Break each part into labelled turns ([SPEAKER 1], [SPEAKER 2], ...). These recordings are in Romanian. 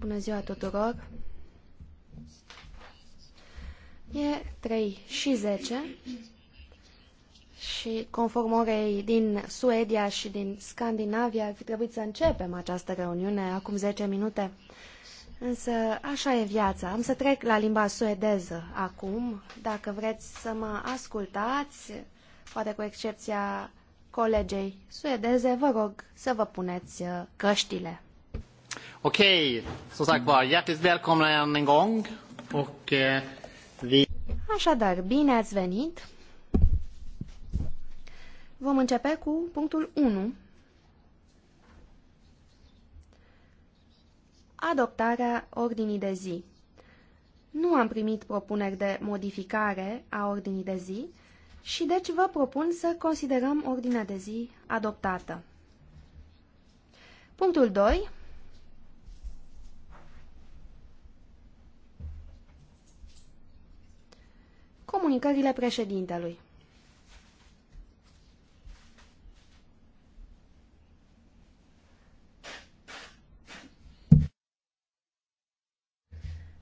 [SPEAKER 1] Bună ziua tuturor. E 3 și 10 și conform orei din Suedia și din Scandinavia ar fi trebuit să începem această reuniune acum 10 minute. Însă așa e viața. Am să trec la limba suedeză acum. Dacă vreți să mă ascultați, poate cu excepția colegei suedeze, vă rog să vă puneți uh, căștile.
[SPEAKER 2] Okej, som sagt var, hjärtligt välkomna än en gång. Och eh, vi... Așadar, bine ați venit.
[SPEAKER 1] Vom începe cu punctul 1. Adoptarea ordinii de zi. Nu am primit propuneri de modificare a ordinii de zi și deci vă propun să considerăm ordinea de zi adoptată. Punctul 2. Comunicările președintelui.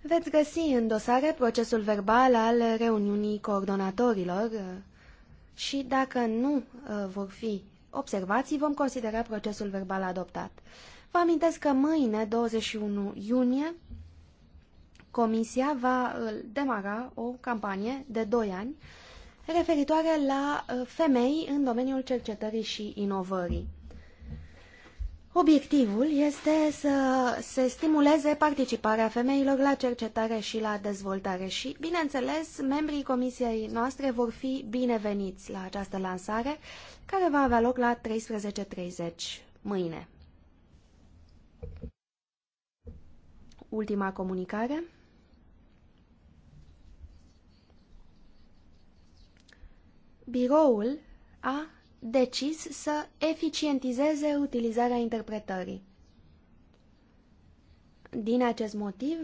[SPEAKER 1] Veți găsi în dosare procesul verbal al reuniunii coordonatorilor și dacă nu uh, vor fi observații, vom considera procesul verbal adoptat. Vă amintesc că mâine, 21 iunie, Comisia va uh, demara o campanie de 2 ani referitoare la uh, femei în domeniul cercetării și inovării. Obiectivul este să se stimuleze participarea femeilor la cercetare și la dezvoltare și, bineînțeles, membrii comisiei noastre vor fi bineveniți la această lansare, care va avea loc la 13.30 mâine. Ultima comunicare. biroul a decis să eficientizeze utilizarea interpretării. Din acest motiv,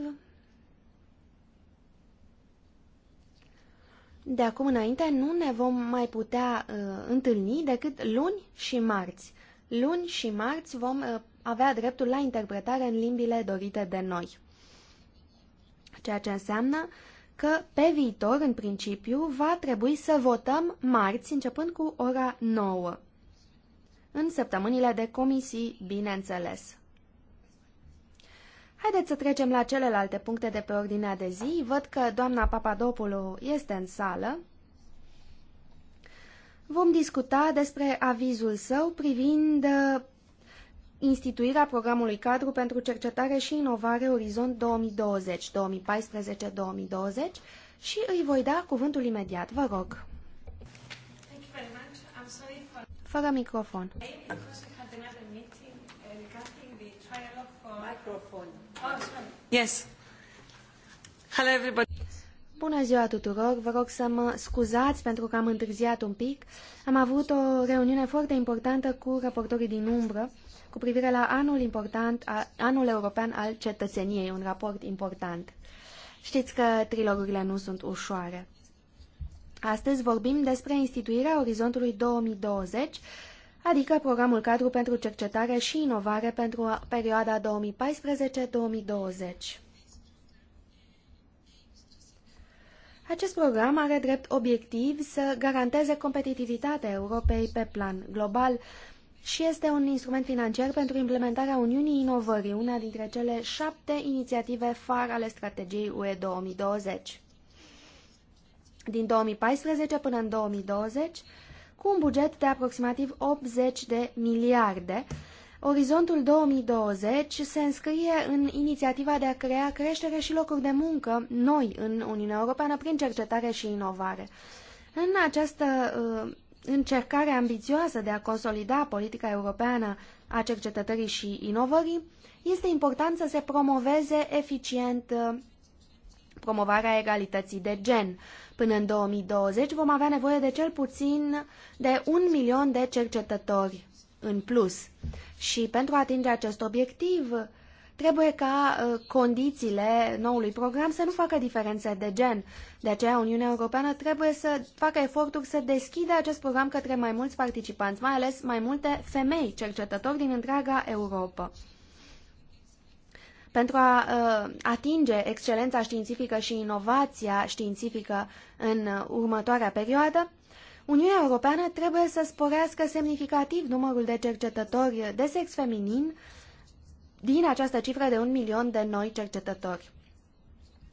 [SPEAKER 1] de acum înainte nu ne vom mai putea uh, întâlni decât luni și marți. Luni și marți vom uh, avea dreptul la interpretare în limbile dorite de noi. Ceea ce înseamnă uh, că pe viitor, în principiu, va trebui să votăm marți, începând cu ora 9, în săptămânile de comisii, bineînțeles. Haideți să trecem la celelalte puncte de pe ordinea de zi. Văd că doamna Papadopoulou este în sală. Vom discuta despre avizul său privind instituirea programului cadru pentru cercetare și inovare Orizont 2020-2014-2020 și îi voi da cuvântul imediat. Vă rog. Fără microfon. Uh, uh, oh, yes. Hello everybody. Bună ziua tuturor, vă rog să mă scuzați pentru că am întârziat un pic. Am avut o reuniune foarte importantă cu raportorii din umbră cu privire la anul, important, anul european al cetățeniei, un raport important. Știți că trilogurile nu sunt ușoare. Astăzi vorbim despre instituirea Orizontului 2020, adică programul cadru pentru cercetare și inovare pentru perioada 2014-2020. Acest program are drept obiectiv să garanteze competitivitatea Europei pe plan global, și este un instrument financiar pentru implementarea Uniunii Inovării, una dintre cele șapte inițiative far ale strategiei UE 2020. Din 2014 până în 2020, cu un buget de aproximativ 80 de miliarde, Orizontul 2020 se înscrie în inițiativa de a crea creștere și locuri de muncă noi în Uniunea Europeană prin cercetare și inovare. În această uh, încercare ambițioasă de a consolida politica europeană a cercetării și inovării, este important să se promoveze eficient uh, promovarea egalității de gen. Până în 2020 vom avea nevoie de cel puțin de un milion de cercetători în plus. Și pentru a atinge acest obiectiv, Trebuie ca ă, condițiile noului program să nu facă diferențe de gen. De aceea, Uniunea Europeană trebuie să facă eforturi să deschidă acest program către mai mulți participanți, mai ales mai multe femei cercetători din întreaga Europa. Pentru a ă, atinge excelența științifică și inovația științifică în următoarea perioadă, Uniunea Europeană trebuie să sporească semnificativ numărul de cercetători de sex feminin, uh, din această cifră de un milion de noi cercetători.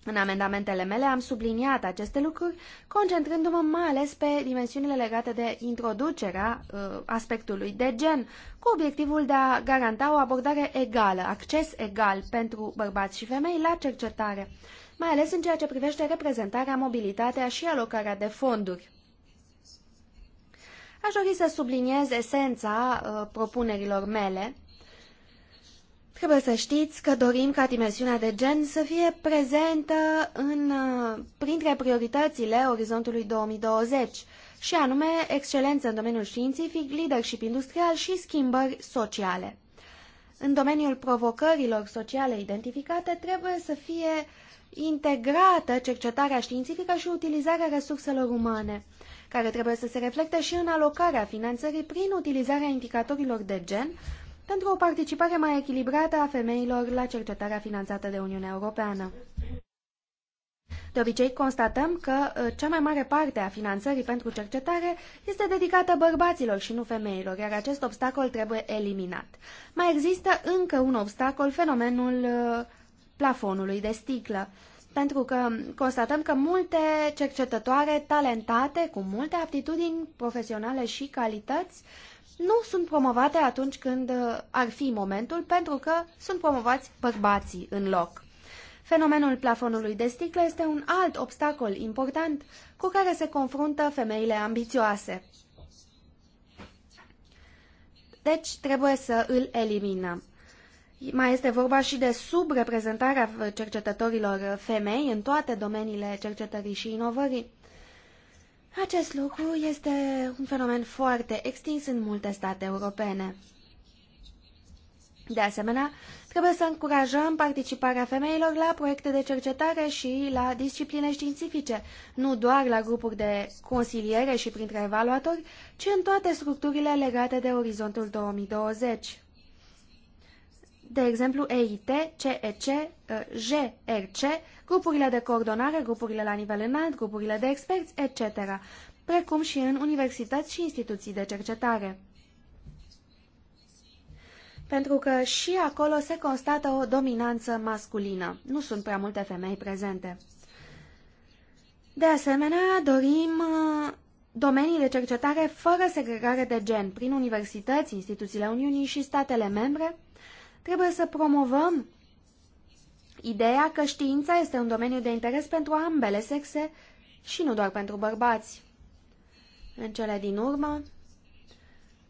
[SPEAKER 1] În amendamentele mele am subliniat aceste lucruri, concentrându-mă mai ales pe dimensiunile legate de introducerea uh, aspectului de gen, cu obiectivul de a garanta o abordare egală, acces egal pentru bărbați și femei la cercetare, mai ales în ceea ce privește reprezentarea, mobilitatea și alocarea de fonduri. Aș dori să subliniez esența uh, propunerilor mele, Trebuie să știți că dorim ca dimensiunea de gen să fie prezentă în, uh, printre prioritățile orizontului 2020, și anume excelență în domeniul științific, leadership industrial și schimbări sociale. În domeniul provocărilor sociale identificate trebuie să fie integrată cercetarea științifică și utilizarea resurselor umane, care trebuie să se reflecte și în alocarea finanțării prin utilizarea indicatorilor de gen, pentru o participare mai echilibrată a femeilor la cercetarea finanțată de Uniunea Europeană. De obicei, constatăm că uh, cea mai mare parte a finanțării pentru cercetare este dedicată bărbaților și nu femeilor, iar acest obstacol trebuie eliminat. Mai există încă un obstacol, fenomenul uh, plafonului de sticlă, pentru că constatăm că multe cercetătoare talentate, cu multe aptitudini profesionale și calități, nu sunt promovate atunci când uh, ar fi momentul, pentru că sunt promovați bărbații în loc. Fenomenul plafonului de sticlă este un alt obstacol important cu care se confruntă femeile ambițioase. Deci trebuie să îl eliminăm. Mai este vorba și de subreprezentarea cercetătorilor femei în toate domeniile cercetării și inovării. Acest lucru este un fenomen foarte extins în multe state europene. De asemenea, trebuie să încurajăm participarea femeilor la proiecte de cercetare și la discipline științifice, nu doar la grupuri de consiliere și printre evaluatori, ci în toate structurile legate de orizontul 2020 de exemplu EIT, CEC, GRC, grupurile de coordonare, grupurile la nivel înalt, grupurile de experți, etc., precum și în universități și instituții de cercetare. Pentru că și acolo se constată o dominanță masculină. Nu sunt prea multe femei prezente. De asemenea, dorim uh, domenii de cercetare fără segregare de gen prin universități, instituțiile Uniunii și statele membre, Trebuie să promovăm ideea că știința este un domeniu de interes pentru ambele sexe și nu doar pentru bărbați. În cele din urmă,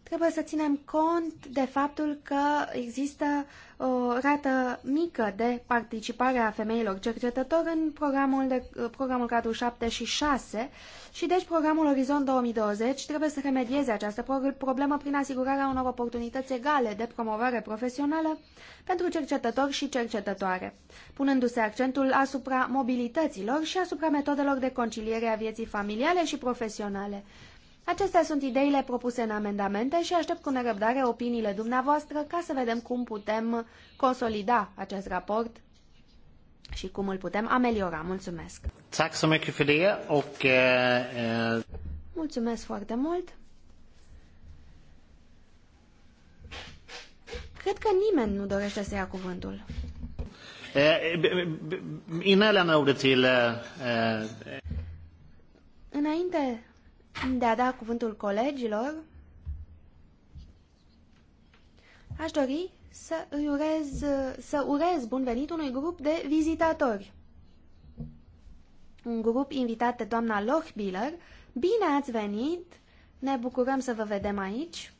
[SPEAKER 1] Trebuie să ținem cont de faptul că există o rată mică de participare a femeilor cercetători în programul, de, programul cadru 7 și 6 și deci programul Orizont 2020 trebuie să remedieze această problemă prin asigurarea unor oportunități egale de promovare profesională pentru cercetători și cercetătoare, punându-se accentul asupra mobilităților și asupra metodelor de conciliere a vieții familiale și profesionale Acestea sunt ideile propuse în amendamente și aștept cu nerăbdare opiniile dumneavoastră ca să vedem cum putem consolida acest raport și cum îl putem ameliora. Mulțumesc!
[SPEAKER 2] Eh, eh,
[SPEAKER 1] Mulțumesc foarte mult! Cred că nimeni nu dorește să ia cuvântul. Eh, Înainte de a da cuvântul colegilor, aș dori să îi urez, să urez bun venit unui grup de vizitatori. Un grup invitat de doamna Lochbiller. Bine ați venit! Ne bucurăm să vă vedem aici.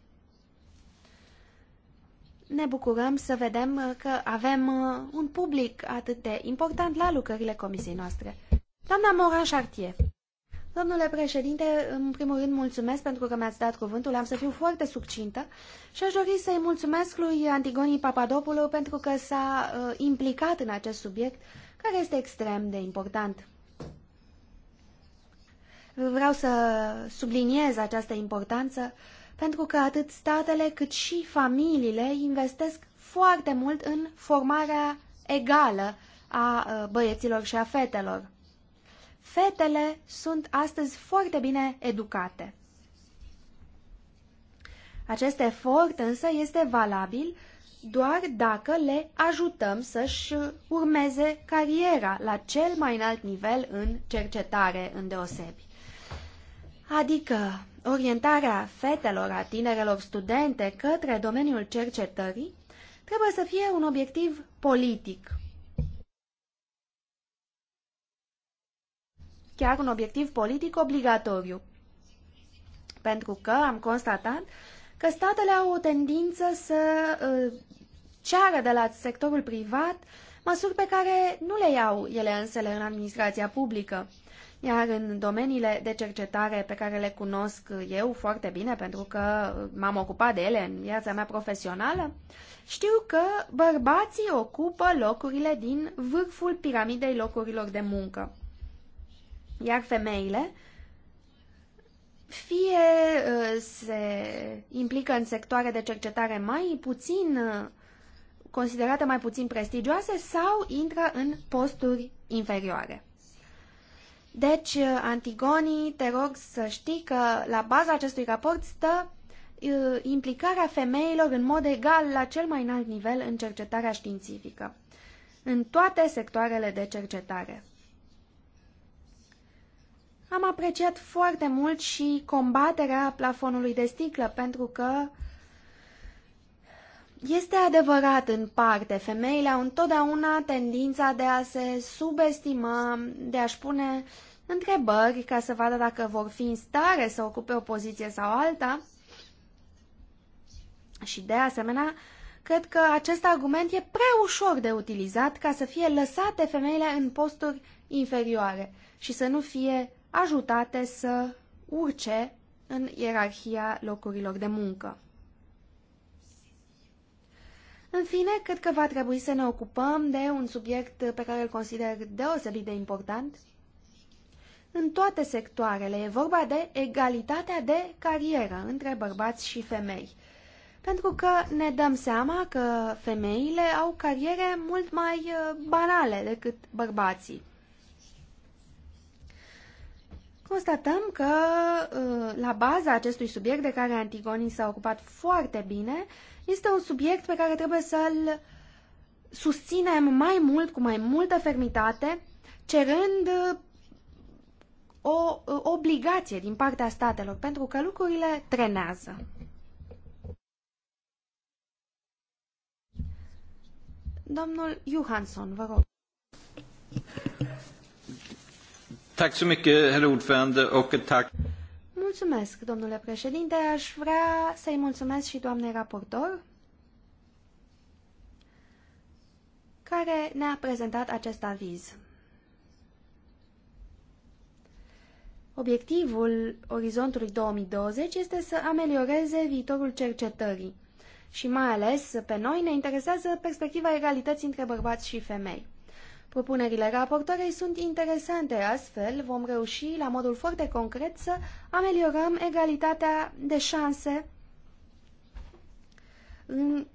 [SPEAKER 1] Ne bucurăm să vedem că avem un public atât de important la lucrările comisiei noastre. Doamna Moran Chartier. Domnule președinte, în primul rând mulțumesc pentru că mi-ați dat cuvântul, am să fiu foarte succintă și aș dori să-i mulțumesc lui Antigoni Papadopoulou pentru că s-a uh, implicat în acest subiect care este extrem de important. Vreau să subliniez această importanță pentru că atât statele cât și familiile investesc foarte mult în formarea egală a uh, băieților și a fetelor. Fetele sunt astăzi foarte bine educate. Acest efort însă este valabil doar dacă le ajutăm să-și urmeze cariera la cel mai înalt nivel în cercetare îndeosebi. Adică orientarea fetelor, a tinerelor studente către domeniul cercetării trebuie să fie un obiectiv politic. chiar un obiectiv politic obligatoriu. Pentru că am constatat că statele au o tendință să uh, ceară de la sectorul privat măsuri pe care nu le iau ele însele în administrația publică. Iar în domeniile de cercetare pe care le cunosc eu foarte bine, pentru că m-am ocupat de ele în viața mea profesională, știu că bărbații ocupă locurile din vârful piramidei locurilor de muncă. Iar femeile fie uh, se implică în sectoare de cercetare mai puțin uh, considerate mai puțin prestigioase sau intră în posturi inferioare. Deci, uh, Antigonii, te rog să știi că la baza acestui raport stă implicarea femeilor în mod egal la cel mai înalt nivel în cercetarea științifică, în toate sectoarele de cercetare. Am apreciat foarte mult și combaterea plafonului de sticlă, pentru că este adevărat în parte, femeile au întotdeauna tendința de a se subestima, de a-și pune întrebări ca să vadă dacă vor fi în stare să ocupe o poziție sau alta. Și de asemenea, cred că acest argument e prea ușor de utilizat ca să fie lăsate femeile în posturi inferioare și să nu fie ajutate să urce în ierarhia locurilor de muncă. În fine, cred că va trebui să ne ocupăm de un subiect pe care îl consider deosebit de important. În toate sectoarele e vorba de egalitatea de carieră între bărbați și femei. Pentru că ne dăm seama că femeile au cariere mult mai uh, banale decât bărbații constatăm că uh, la baza acestui subiect de care Antigoni s-a ocupat foarte bine, este un subiect pe care trebuie să-l susținem mai mult, cu mai multă fermitate, cerând uh, o uh, obligație din partea statelor, pentru că lucrurile trenează. Domnul Johansson, vă rog. Mulțumesc, domnule președinte. Aș vrea să-i mulțumesc și doamnei raportor care ne-a prezentat acest aviz. Obiectivul Orizontului 2020 este să amelioreze viitorul cercetării și mai ales pe noi ne interesează perspectiva egalității între bărbați și femei. Propunerile raportoarei sunt interesante, astfel vom reuși, la modul foarte concret, să ameliorăm egalitatea de șanse în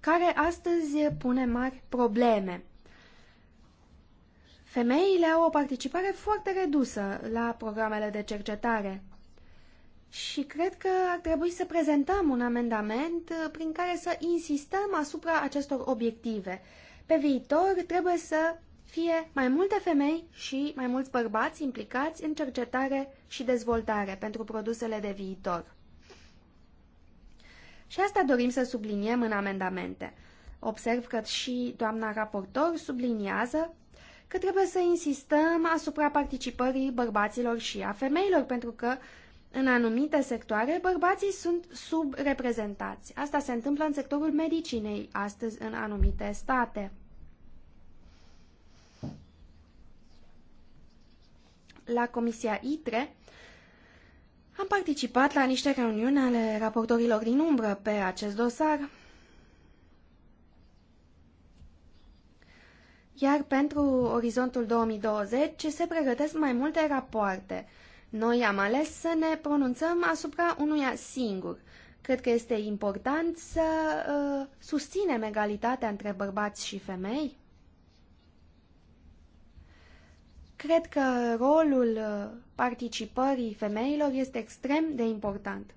[SPEAKER 1] care astăzi pune mari probleme. Femeile au o participare foarte redusă la programele de cercetare și cred că ar trebui să prezentăm un amendament prin care să insistăm asupra acestor obiective pe viitor trebuie să fie mai multe femei și mai mulți bărbați implicați în cercetare și dezvoltare pentru produsele de viitor. Și asta dorim să subliniem în amendamente. Observ că și doamna raportor subliniază că trebuie să insistăm asupra participării bărbaților și a femeilor, pentru că în anumite sectoare bărbații sunt subreprezentați. Asta se întâmplă în sectorul medicinei astăzi în anumite state. la Comisia ITRE, am participat la niște reuniuni ale raportorilor din umbră pe acest dosar, iar pentru Orizontul 2020 se pregătesc mai multe rapoarte. Noi am ales să ne pronunțăm asupra unuia singur. Cred că este important să uh, susținem egalitatea între bărbați și femei Cred că rolul uh, participării femeilor este extrem de important.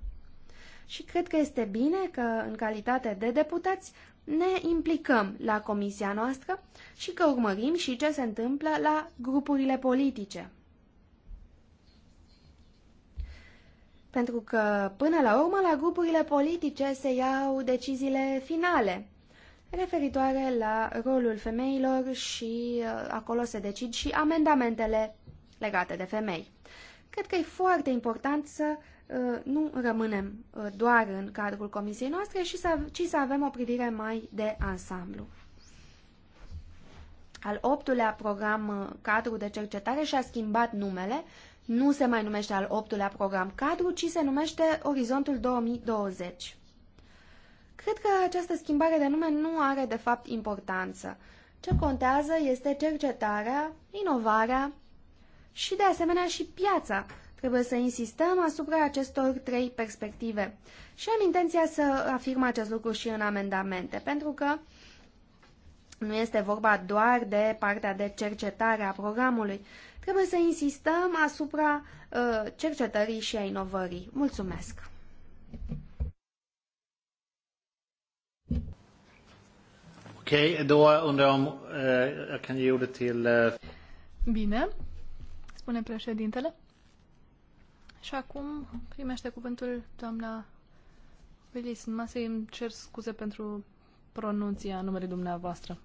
[SPEAKER 1] Și cred că este bine că, în calitate de deputați, ne implicăm la comisia noastră și că urmărim și ce se întâmplă la grupurile politice. Pentru că, până la urmă, la grupurile politice se iau deciziile finale referitoare la rolul femeilor și uh, acolo se decid și amendamentele legate de femei. Cred că e foarte important să uh, nu rămânem uh, doar în cadrul comisiei noastre, și să, ci să avem o privire mai de ansamblu. Al optulea program cadru de cercetare și-a schimbat numele, nu se mai numește al optulea program cadru, ci se numește Orizontul 2020. Cred că această schimbare de nume nu are de fapt importanță. Ce contează este cercetarea, inovarea și de asemenea și piața. Trebuie să insistăm asupra acestor trei perspective. Și am intenția să afirm acest lucru și în amendamente, pentru că nu este vorba doar de partea de cercetare a programului. Trebuie să insistăm asupra uh, cercetării și a inovării. Mulțumesc!
[SPEAKER 2] Okej, okay, då undrar jag om uh, jag kan ge ordet till... Uh...
[SPEAKER 3] Bine, spune președintele. Și acum primește cuvântul doamna Velis. Mă să îmi cer scuze pentru pronunția numelui dumneavoastră.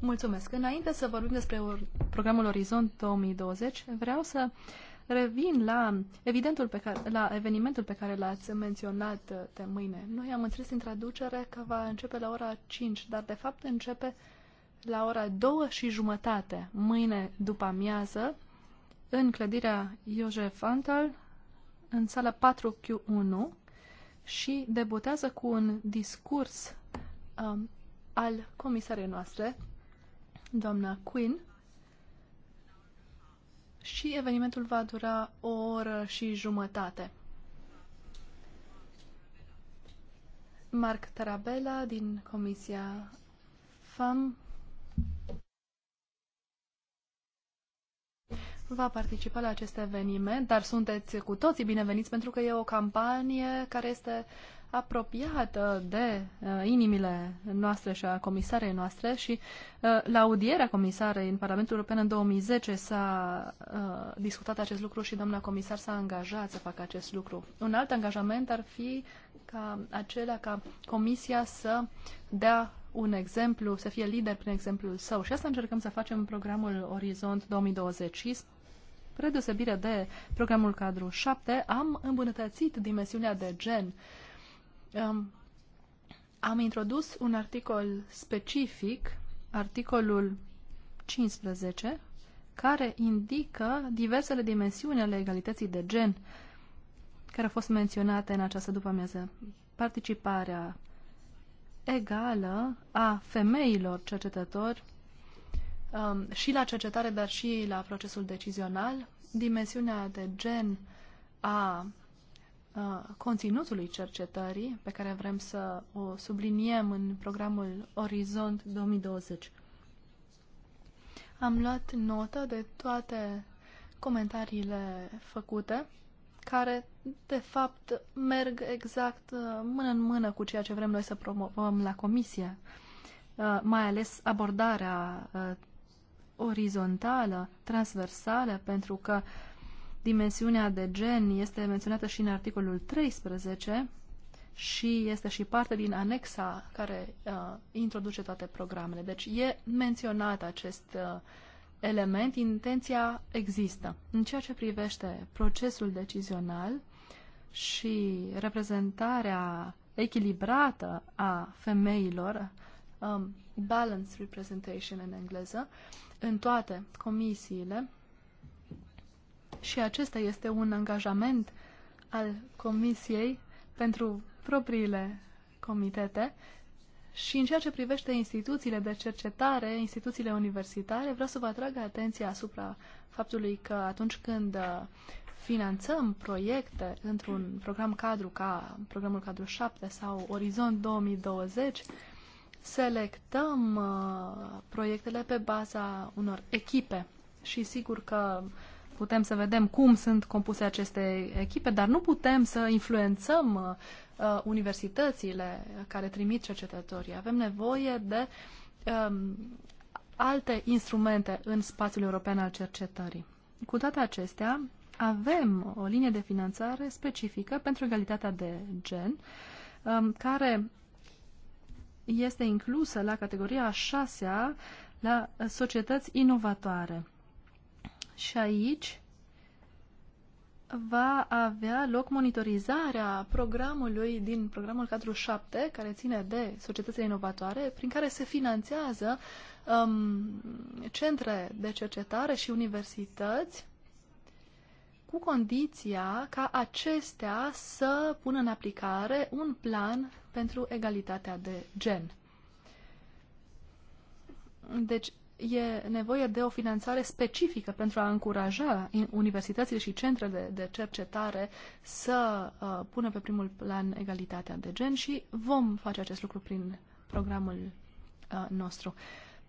[SPEAKER 3] Mulțumesc. Înainte să vorbim despre programul Orizont 2020, vreau să uh, revin la, evidentul pe care, la evenimentul pe care l-ați menționat uh, de mâine. Noi am înțeles în traducere că va începe la ora 5, dar de fapt începe la ora 2 și jumătate, mâine după amiază, în clădirea Iosef Antal, în sala 4Q1 și debutează cu un discurs um, al comisarei noastre, doamna Quinn, și evenimentul va dura o oră și jumătate. Marc Tarabella din Comisia FAM va participa la acest eveniment, dar sunteți cu toții bineveniți pentru că e o campanie care este uh, apropiată de uh, inimile noastre și a comisarei noastre și uh, la audierea comisarei în Parlamentul European în 2010 s-a uh, discutat acest lucru și doamna comisar s-a angajat să facă acest lucru. Un alt angajament ar fi ca acela ca comisia să dea un exemplu, să fie lider prin exemplul său. Și asta încercăm să facem în programul Orizont 2020 și spre deosebire de programul cadru 7, am îmbunătățit dimensiunea de gen uh, um, am introdus un articol specific, articolul 15, care indică diversele dimensiuni ale egalității de gen care au fost menționate în această după-amiază. Participarea egală a femeilor cercetători um, și la cercetare, dar și la procesul decizional, dimensiunea de gen a Uh, conținutului cercetării pe care vrem să o subliniem în programul Orizont 2020. Am luat notă de toate comentariile făcute, care, de fapt, merg exact uh, mână în mână cu ceea ce vrem noi să promovăm la comisie, uh, mai ales abordarea orizontală, transversală, pentru că uh, Dimensiunea de gen este menționată și în articolul 13 și este și parte din anexa care uh, introduce toate programele. Deci e menționat acest uh, element, intenția există. În ceea ce privește procesul decizional și reprezentarea echilibrată a femeilor, um, balance representation în engleză, în toate comisiile, și acesta este un angajament al Comisiei pentru propriile comitete și în ceea ce privește instituțiile de cercetare, instituțiile universitare, vreau să vă atrag atenția asupra faptului că atunci când uh, finanțăm proiecte într-un program cadru ca programul cadru 7 sau Orizont 2020, selectăm uh, proiectele pe baza unor echipe și sigur că uh, putem să vedem cum sunt compuse aceste echipe, dar nu putem să influențăm uh, uh, universitățile care trimit cercetătorii. Avem nevoie de um, alte instrumente în spațiul european al cercetării. Cu toate acestea, avem o linie de finanțare specifică pentru egalitatea de gen, um, care este inclusă la categoria a șasea la societăți inovatoare și aici va avea loc monitorizarea programului din programul cadru 7, care ține de societățile inovatoare, prin care se finanțează um, centre de cercetare și universități cu condiția ca acestea să pună în aplicare un plan pentru egalitatea de gen. Deci, e nevoie de o finanțare specifică pentru a încuraja universitățile și centrele de cercetare să uh, pună pe primul plan egalitatea de gen și vom face acest lucru prin programul uh, nostru.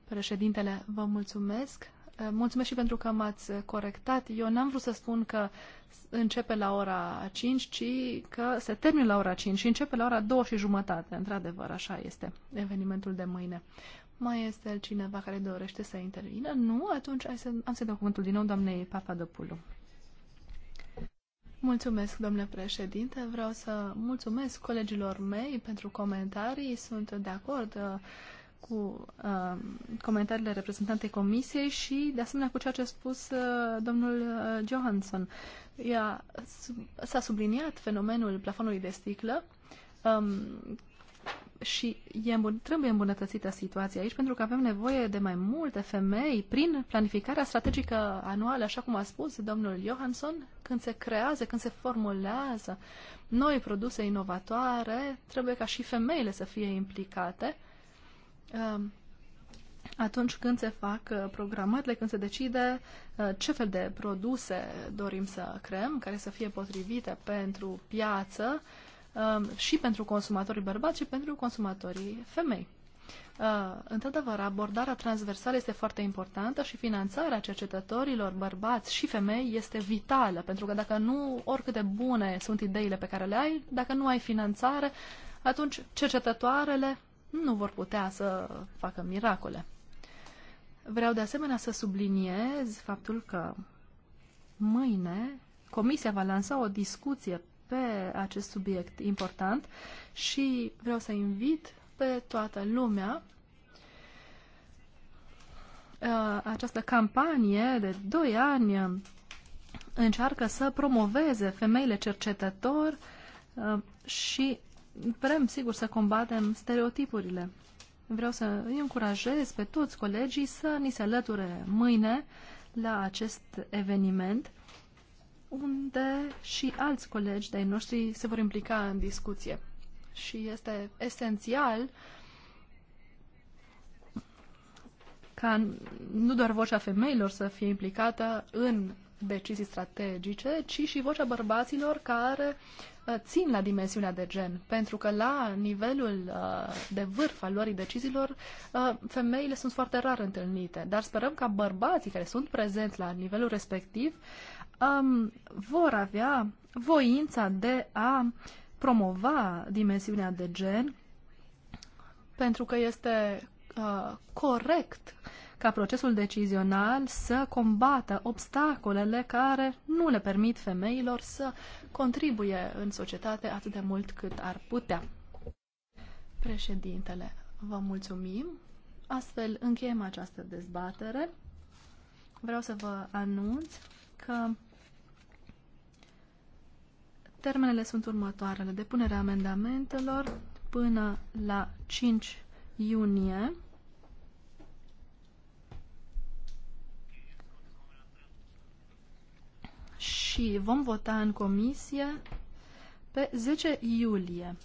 [SPEAKER 3] Președintele, vă mulțumesc. Uh, mulțumesc și pentru că m-ați corectat. Eu n-am vrut să spun că începe la ora 5, ci că se termină la ora 5 și începe la ora 2 și jumătate. Într-adevăr, așa este evenimentul de mâine. Mai este cineva care dorește să intervină? Nu? Atunci să, am să dau cuvântul din nou doamnei Papadopoulou. Mulțumesc, domnule președinte. Vreau să mulțumesc colegilor mei pentru comentarii. Sunt de acord uh, cu uh, comentariile reprezentantei comisiei și, de asemenea, cu ceea ce a spus uh, domnul uh, Johansson. s-a subliniat fenomenul plafonului de sticlă um, și e îmbun- trebuie îmbunătățită situația aici pentru că avem nevoie de mai multe femei prin planificarea strategică anuală, așa cum a spus domnul Johansson, când se creează, când se formulează noi produse inovatoare, trebuie ca și femeile să fie implicate um, atunci când se fac uh, programările, când se decide uh, ce fel de produse dorim să creăm, care să fie potrivite pentru piață, Um, și pentru consumatorii bărbați și pentru consumatorii femei. Uh, într-adevăr, abordarea transversală este foarte importantă și finanțarea cercetătorilor bărbați și femei este vitală, pentru că dacă nu, oricât de bune sunt ideile pe care le ai, dacă nu ai finanțare, atunci cercetătoarele nu vor putea să facă miracole. Vreau de asemenea să subliniez faptul că mâine Comisia va lansa o discuție pe acest subiect important și vreau să invit pe toată lumea uh, această campanie de 2 ani încearcă să promoveze femeile cercetători uh, și vrem, sigur, să combatem stereotipurile. Vreau să îi încurajez pe toți colegii să ni se alăture mâine la acest eveniment unde și alți colegi de-ai noștri se vor implica în discuție. Și este esențial ca nu doar vocea femeilor să fie implicată în decizii strategice, ci și vocea bărbaților care uh, țin la dimensiunea de gen, pentru că la nivelul uh, de vârf al luării deciziilor, uh, femeile sunt foarte rar întâlnite, dar sperăm ca bărbații care sunt prezenți la nivelul respectiv um, vor avea voința de a promova dimensiunea de gen, pentru că este uh, corect ca procesul decizional să combată obstacolele care nu le permit femeilor să contribuie în societate atât de mult cât ar putea. Președintele, vă mulțumim. Astfel încheiem această dezbatere. Vreau să vă anunț că Termenele sunt următoarele. Depunerea amendamentelor până la 5 iunie. Și vom vota în comisie pe 10 iulie.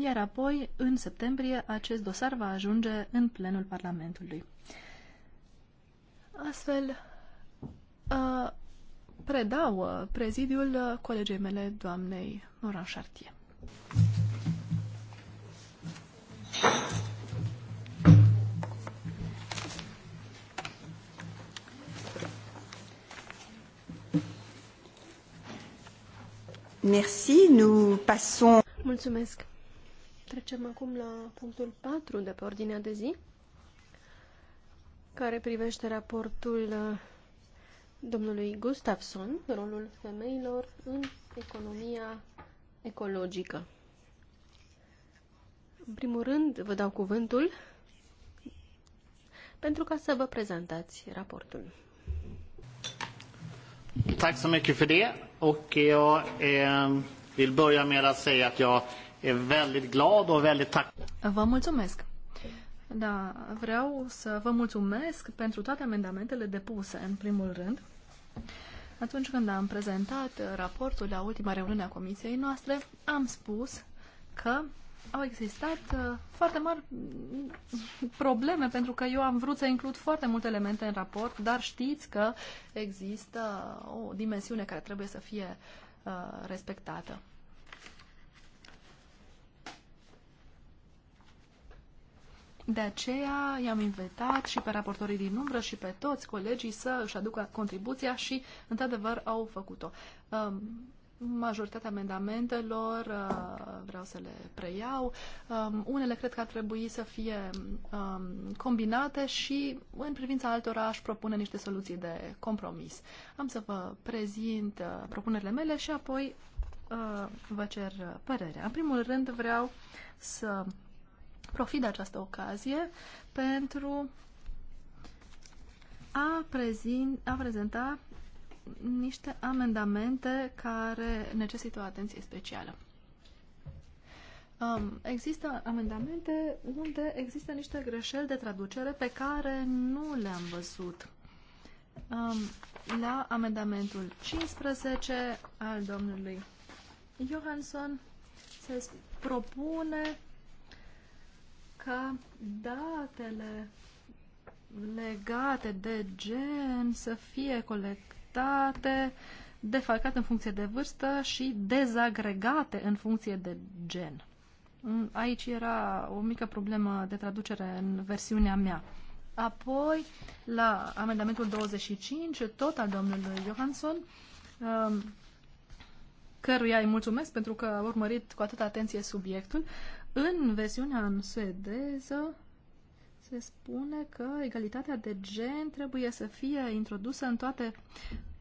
[SPEAKER 3] Iar apoi, în septembrie, acest dosar va ajunge în plenul Parlamentului. Astfel, uh, predau uh, prezidiul uh, colegei mele, doamnei Moran Șartie.
[SPEAKER 4] Merci, nous passons... Mulțumesc. Trecem acum la punctul 4 de pe ordinea de zi, care privește raportul uh, domnului Gustafsson rolul femeilor în economia ecologică. În primul rând, vă dau cuvântul pentru ca să vă prezentați raportul.
[SPEAKER 2] Tack så mycket för det. Och jag eh, vill börja med att säga att jag är väldigt glad och väldigt tack.
[SPEAKER 3] Vă mulțumesc. Da, vreau să vă mulțumesc pentru toate amendamentele depuse, în primul rând. Atunci când am prezentat raportul la ultima reuniune a comisiei noastre, am spus că au existat uh, foarte mari mm, probleme pentru că eu am vrut să includ foarte multe elemente în raport, dar știți că există o dimensiune care trebuie să fie uh, respectată. De aceea i-am invitat și pe raportorii din umbră și pe toți colegii să își aducă contribuția și, într-adevăr, au făcut-o. Um, majoritatea amendamentelor uh, vreau să le preiau. Um, unele cred că ar trebui să fie um, combinate și, în privința altora, aș propune niște soluții de compromis. Am să vă prezint uh, propunerile mele și apoi uh, vă cer părerea. În primul rând vreau să Profit de această ocazie pentru a, prezint, a prezenta niște amendamente care necesită o atenție specială. Um, există amendamente unde există niște greșeli de traducere pe care nu le-am văzut. Um, la amendamentul 15 al domnului Johansson se propune ca datele legate de gen să fie colectate, defalcate în funcție de vârstă și dezagregate în funcție de gen. Mm, aici era o mică problemă de traducere în versiunea mea. Apoi, la amendamentul 25, tot al domnului Johansson, um, căruia îi mulțumesc pentru că a urmărit cu atâta atenție subiectul, în versiunea în suedeză se spune că egalitatea de gen trebuie să fie introdusă în toate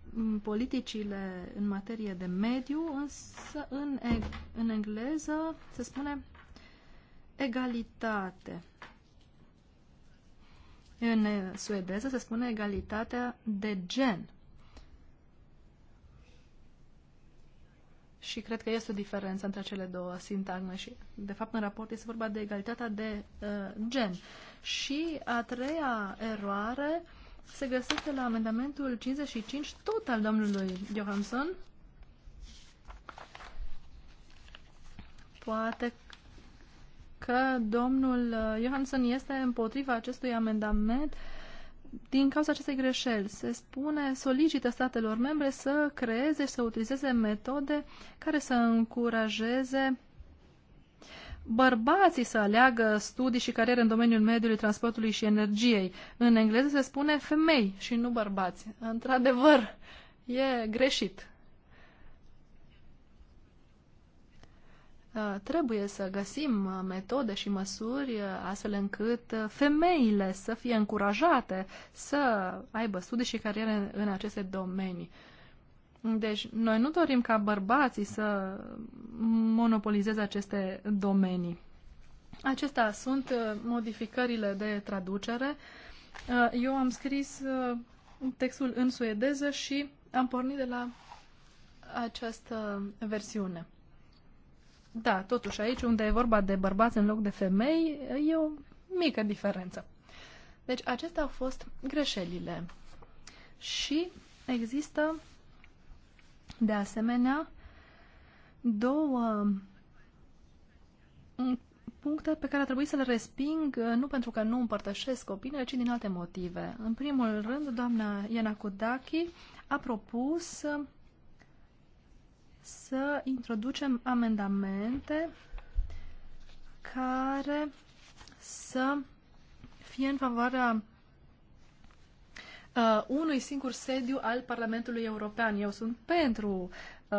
[SPEAKER 3] mm, politicile în materie de mediu, însă în, eg- în engleză se spune egalitate. În suedeză se spune egalitatea de gen. și cred că este o diferență între cele două sintagme și, de fapt, în raport este vorba de egalitatea de uh, gen. Și a treia eroare se găsește la amendamentul 55, tot al domnului Johansson. Poate că domnul uh, Johansson este împotriva acestui amendament uh, din cauza acestei greșeli, se spune, solicită statelor membre să creeze și să utilizeze metode care să încurajeze bărbații să aleagă studii și cariere în domeniul mediului, transportului și energiei. În engleză se spune femei și nu bărbați. Într-adevăr, e greșit. Uh, trebuie să găsim uh, metode și măsuri uh, astfel încât femeile să fie încurajate să aibă studii și cariere în aceste domenii. Deci, noi nu dorim ca bărbații să monopolizeze aceste domenii. Acestea sunt modificările de traducere. Eu am scris textul în suedeză și am pornit de la această versiune. Da, totuși aici unde e vorba de bărbați în loc de femei, e o mică diferență. Deci acestea au fost greșelile. Și există de asemenea două puncte pe care ar trebui să le resping, nu pentru că nu împărtășesc opiniile, ci din alte motive. În primul rând, doamna Iana Kudaki a propus să introducem amendamente care să fie în favoarea uh, unui singur sediu al Parlamentului European. Eu sunt pentru uh,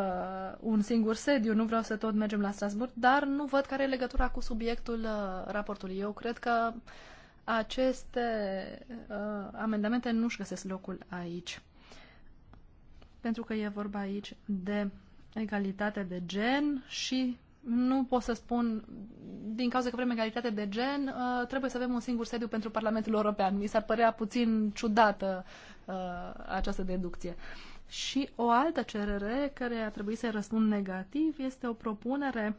[SPEAKER 3] un singur sediu, nu vreau să tot mergem la Strasburg, dar nu văd care e legătura cu subiectul uh, raportului. Eu cred că aceste uh, amendamente nu-și găsesc locul aici. Pentru că e vorba aici de egalitate de gen și nu pot să spun, din cauza că vrem egalitate de gen, uh, trebuie să avem un singur sediu pentru Parlamentul European. Mi s-ar părea puțin ciudată uh, această deducție. Și o altă cerere care a trebuit să răspund negativ este o propunere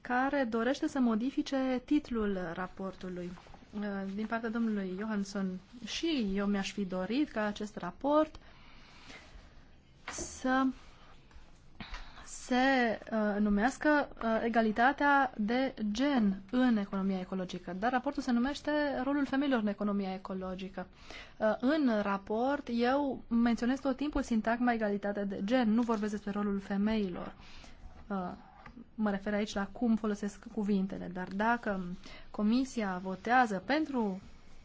[SPEAKER 3] care dorește să modifice titlul raportului. Uh, din partea domnului Johansson și eu mi-aș fi dorit ca acest raport să se uh, numească uh, egalitatea de gen în economia ecologică, dar raportul se numește rolul femeilor în economia ecologică. Uh, în raport eu menționez tot timpul sintagma egalitatea de gen, nu vorbesc despre rolul femeilor. Uh, mă refer aici la cum folosesc cuvintele, dar dacă comisia votează pentru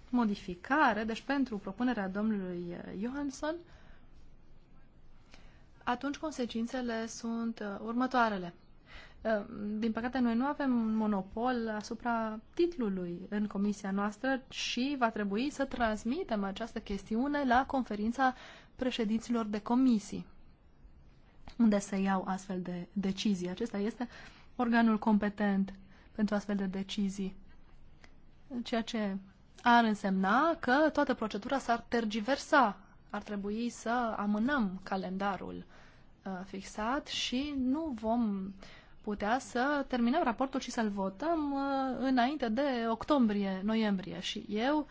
[SPEAKER 3] modificare, deci pentru propunerea domnului Johansson, uh, atunci consecințele sunt uh, următoarele. Uh, din păcate, noi nu avem monopol asupra titlului în comisia noastră și va trebui să transmitem această chestiune la conferința președinților de comisii, unde se iau astfel de decizii. Acesta este organul competent pentru astfel de decizii, ceea ce ar însemna că toată procedura s-ar tergiversa ar trebui să amânăm calendarul uh, fixat și nu vom putea să terminăm raportul și să-l votăm uh, înainte de octombrie-noiembrie. Și eu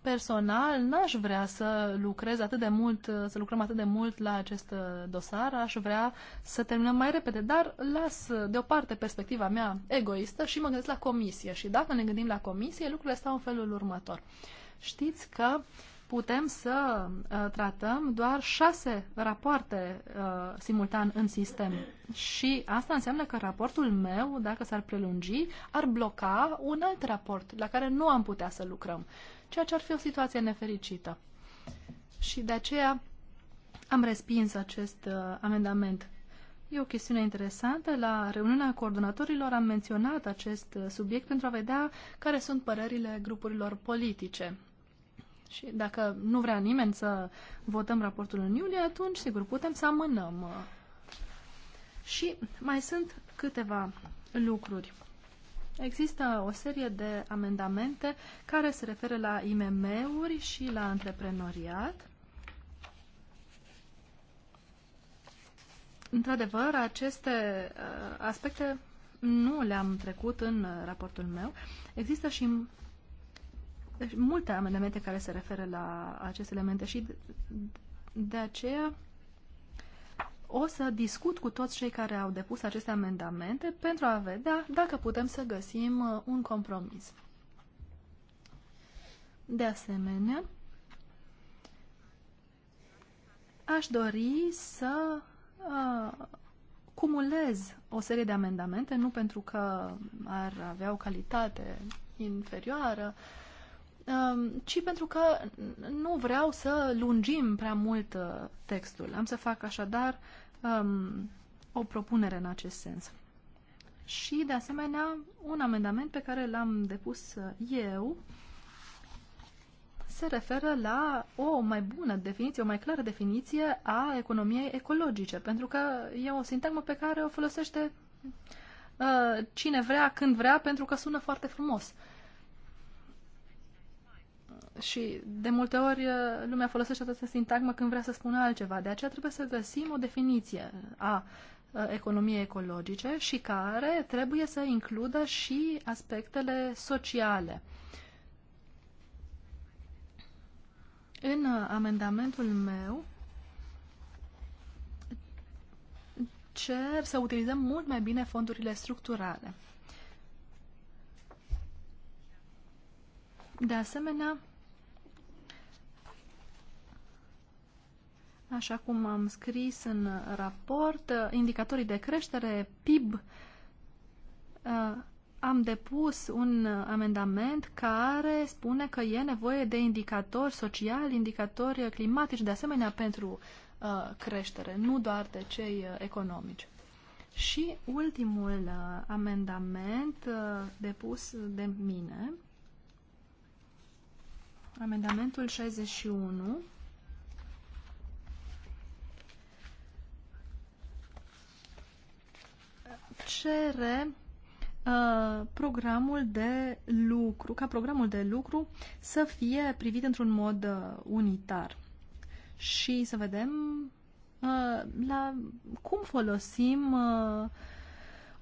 [SPEAKER 3] personal n-aș vrea să lucrez atât de mult, uh, să lucrăm atât de mult la acest dosar, aș vrea să terminăm mai repede, dar las deoparte perspectiva mea egoistă și mă gândesc la comisie. Și dacă ne gândim la comisie, lucrurile stau în felul următor. Știți că uh, putem să uh, tratăm doar șase rapoarte uh, simultan în sistem. Și asta înseamnă că raportul meu, dacă s-ar prelungi, ar bloca un alt raport la care nu am putea să lucrăm, ceea ce ar fi o situație nefericită. Și de aceea am respins acest uh, amendament. E o chestiune interesantă. La reuniunea coordonatorilor am menționat acest uh, subiect pentru a vedea care sunt părerile grupurilor politice. Și dacă nu vrea nimeni să votăm raportul în iulie, atunci, sigur, putem să amânăm. Și mai sunt câteva lucruri. Există o serie de amendamente care se referă la IMM-uri și la antreprenoriat. Într-adevăr, aceste uh, aspecte nu le-am trecut în uh, raportul meu. Există și deci, multe amendamente care se referă la aceste elemente și de aceea o să discut cu toți cei care au depus aceste amendamente pentru a vedea dacă putem să găsim uh, un compromis. De asemenea, aș dori să uh, cumulez o serie de amendamente, nu pentru că ar avea o calitate inferioară, uh, ci pentru că nu vreau să lungim prea mult uh, textul. Am să fac așadar um, o propunere în acest sens. Și, de asemenea, un amendament pe care l-am depus uh, eu se referă la o mai bună definiție, o mai clară definiție a economiei ecologice, pentru că e o sintagmă pe care o folosește uh, cine vrea, când vrea, pentru că sună foarte frumos. Uh, și de multe ori uh, lumea folosește această sintagmă când vrea să spună altceva. De aceea trebuie să găsim o definiție a uh, economiei ecologice și care trebuie să includă și aspectele sociale. În uh, amendamentul meu cer să utilizăm mult mai bine fondurile structurale. De asemenea, Așa cum am scris în raport, indicatorii de creștere PIB uh, am depus un amendament care spune că e nevoie de indicatori sociali, indicatori climatici, de asemenea pentru uh, creștere, nu doar de cei uh, economici. Și ultimul amendament depus de mine, amendamentul 61, cere uh, programul de lucru, ca programul de lucru să fie privit într-un mod uh, unitar și să vedem uh, la cum folosim uh,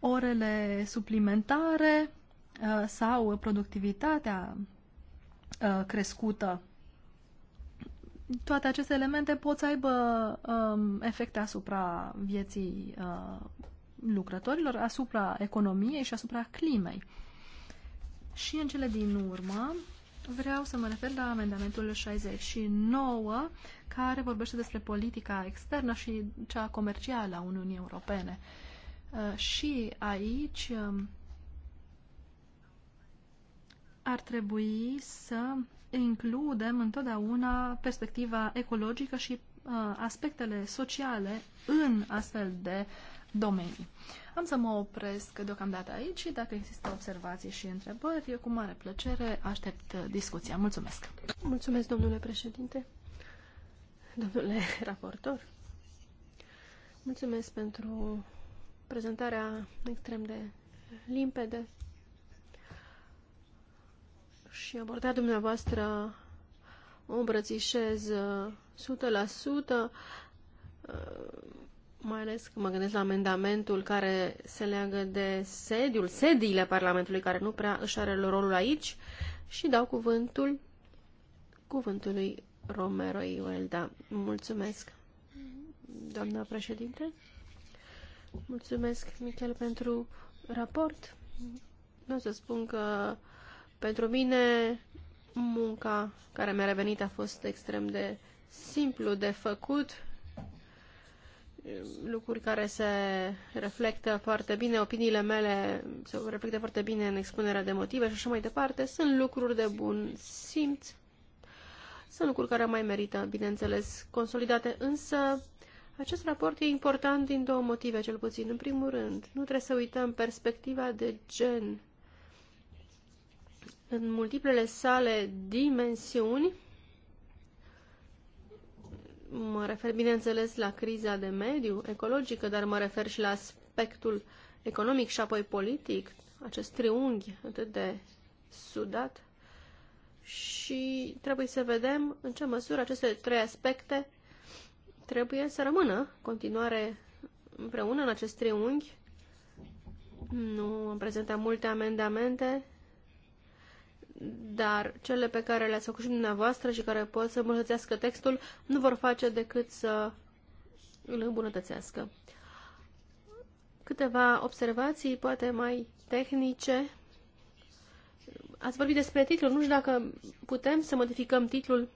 [SPEAKER 3] orele suplimentare uh, sau productivitatea uh, crescută toate aceste elemente pot să aibă um, efecte asupra vieții uh, lucrătorilor, asupra economiei și asupra climei. Și în cele din urmă vreau să mă refer la amendamentul 69 care vorbește despre politica externă și cea comercială a Uniunii Europene. Uh, și aici um, ar trebui să includem întotdeauna perspectiva ecologică și uh, aspectele sociale în astfel de domenii. Am să mă opresc deocamdată aici și dacă există observații și întrebări, eu cu mare plăcere aștept discuția. Mulțumesc!
[SPEAKER 4] Mulțumesc, domnule președinte, domnule raportor. Mulțumesc pentru prezentarea extrem de limpede și abordarea dumneavoastră o îmbrățișez 100%. Uh, mai ales că mă gândesc la amendamentul care se leagă de sediul, sediile Parlamentului, care nu prea își are rolul aici, și dau cuvântul cuvântului Romero Iuelda. Mulțumesc, doamna președinte. Mulțumesc, Michel, pentru raport. Nu o să spun că pentru mine munca care mi-a revenit a fost extrem de simplu de făcut lucruri care se reflectă foarte bine, opiniile mele se reflectă foarte bine în expunerea de motive și așa mai departe, sunt lucruri de bun simț, sunt lucruri care mai merită, bineînțeles, consolidate, însă acest raport e important din două motive, cel puțin. În primul rând, nu trebuie să uităm perspectiva de gen în multiplele sale dimensiuni, Mă refer, bineînțeles, la criza de mediu ecologică, dar mă refer și la aspectul economic și apoi politic, acest triunghi atât de sudat. Și trebuie să vedem în ce măsură aceste trei aspecte trebuie să rămână continuare împreună în acest triunghi. Nu am prezentat multe amendamente dar cele pe care le-ați făcut și dumneavoastră și care pot să îmbunătățească textul nu vor face decât să îl îmbunătățească. Câteva observații, poate mai tehnice. Ați vorbit despre titlu, nu știu dacă putem să modificăm titlul,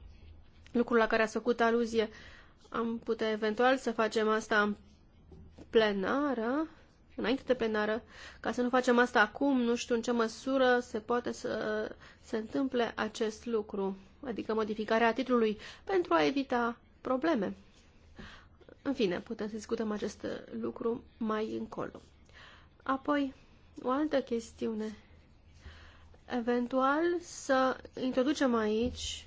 [SPEAKER 4] lucrul la care ați făcut aluzie. Am putea eventual să facem asta în plenară, înainte de plenară, ca să nu facem asta acum, nu știu în ce măsură se poate să se întâmple acest lucru, adică modificarea titlului, pentru a evita probleme. În fine, putem să discutăm acest lucru mai încolo. Apoi, o altă chestiune. Eventual să introducem aici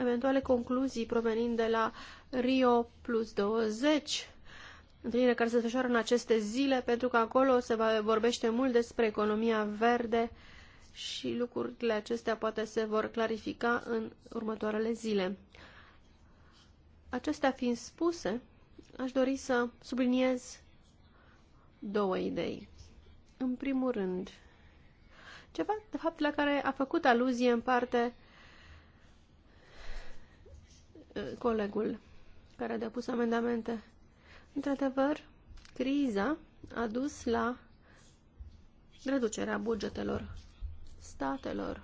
[SPEAKER 4] eventuale concluzii provenind de la Rio plus 20 întâlnire care se desfășoară în aceste zile, pentru că acolo se vorbește mult despre economia verde și lucrurile acestea poate se vor clarifica în următoarele zile. Acestea fiind spuse, aș dori să subliniez două idei. În primul rând, ceva de fapt la care a făcut aluzie în parte uh, colegul care a depus amendamente Într-adevăr, criza a dus la reducerea bugetelor statelor,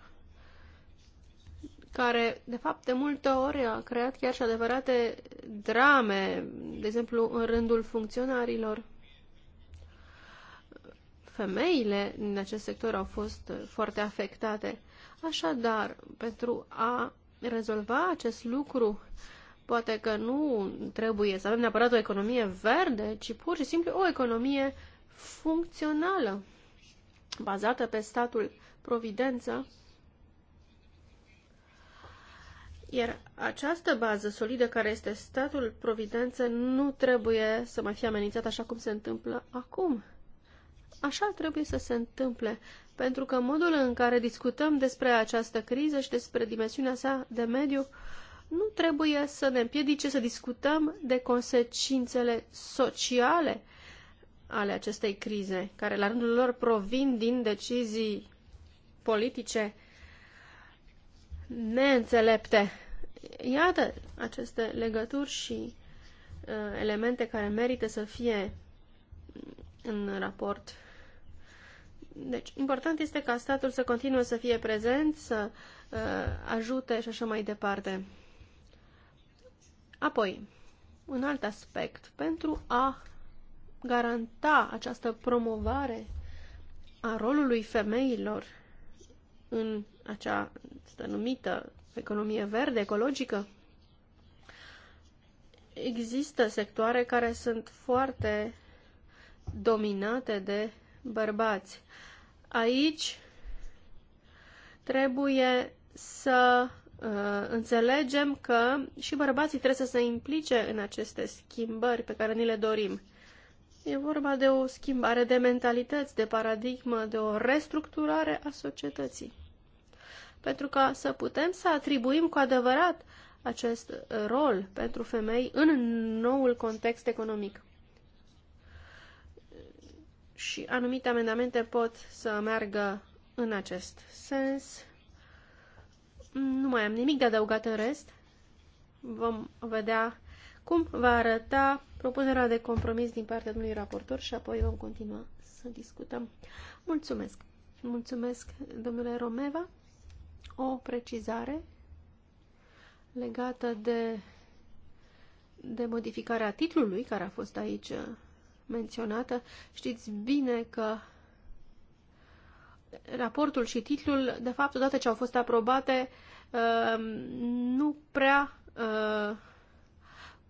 [SPEAKER 4] care, de fapt, de multe ori a creat chiar și adevărate drame, de exemplu, în rândul funcționarilor. Femeile în acest sector au fost foarte afectate. Așadar, pentru a rezolva acest lucru, Poate că nu trebuie să avem neapărat o economie verde, ci pur și simplu o economie funcțională, bazată pe statul providență. Iar această bază solidă care este statul providență nu trebuie să mai fie amenințată așa cum se întâmplă acum. Așa trebuie să se întâmple, pentru că modul în care discutăm despre această criză și despre dimensiunea sa de mediu uh, nu trebuie să ne împiedice să discutăm de consecințele sociale ale acestei crize, care la rândul lor provin din decizii politice neînțelepte. Iată aceste legături și uh, elemente care merită să fie în raport. Deci, important este ca statul să continue să fie prezent, să uh, ajute și așa mai departe. Apoi, un alt aspect, pentru a garanta această promovare a rolului femeilor în acea numită economie verde, ecologică, există sectoare care sunt foarte dominate de bărbați. Aici trebuie să Uh, înțelegem că și bărbații trebuie să se implice în aceste schimbări pe care ni le dorim. E vorba de o schimbare de mentalități, de paradigmă, de o restructurare a societății. Pentru ca să putem să atribuim cu adevărat acest rol pentru femei în noul context economic. Și anumite amendamente pot să meargă în acest sens nu mai am nimic de adăugat în rest. Vom vedea cum va arăta propunerea de compromis din partea domnului raportor și apoi vom continua să discutăm. Mulțumesc! Mulțumesc, domnule Romeva. O precizare legată de, de modificarea titlului care a fost aici uh, menționată. Știți bine că raportul și titlul, de fapt, odată ce au fost aprobate, Ehm, nu prea ehm,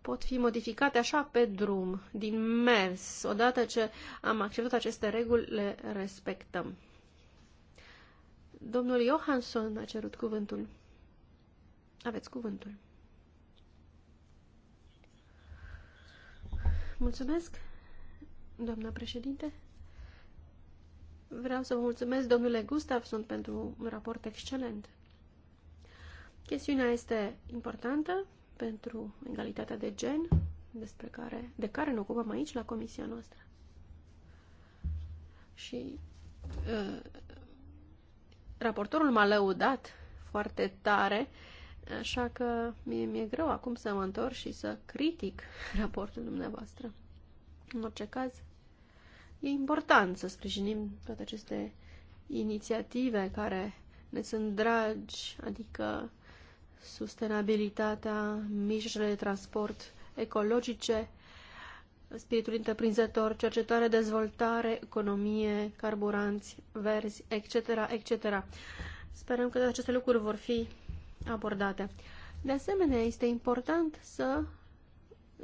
[SPEAKER 4] pot fi modificate așa pe drum, din mers. Odată ce am acceptat aceste reguli, le respectăm. Domnul Johansson a cerut cuvântul. Aveți cuvântul. Mulțumesc, doamna președinte. Vreau să vă mulțumesc, domnule Gustafsson, pentru un raport excelent. Chestiunea este importantă pentru egalitatea de gen, despre care, de care ne ocupăm aici, la comisia noastră. Și uh, raportorul m-a lăudat foarte tare, așa că mie mi-e greu acum să mă întorc și să critic raportul dumneavoastră. În orice caz, e important să sprijinim toate aceste inițiative care ne sunt dragi, adică uh, sustenabilitatea, mijloacele de transport ecologice, spiritul întreprinzător, cercetare, dezvoltare, economie, carburanți, verzi, etc., etc. Sperăm că aceste lucruri vor fi abordate. De asemenea, este important să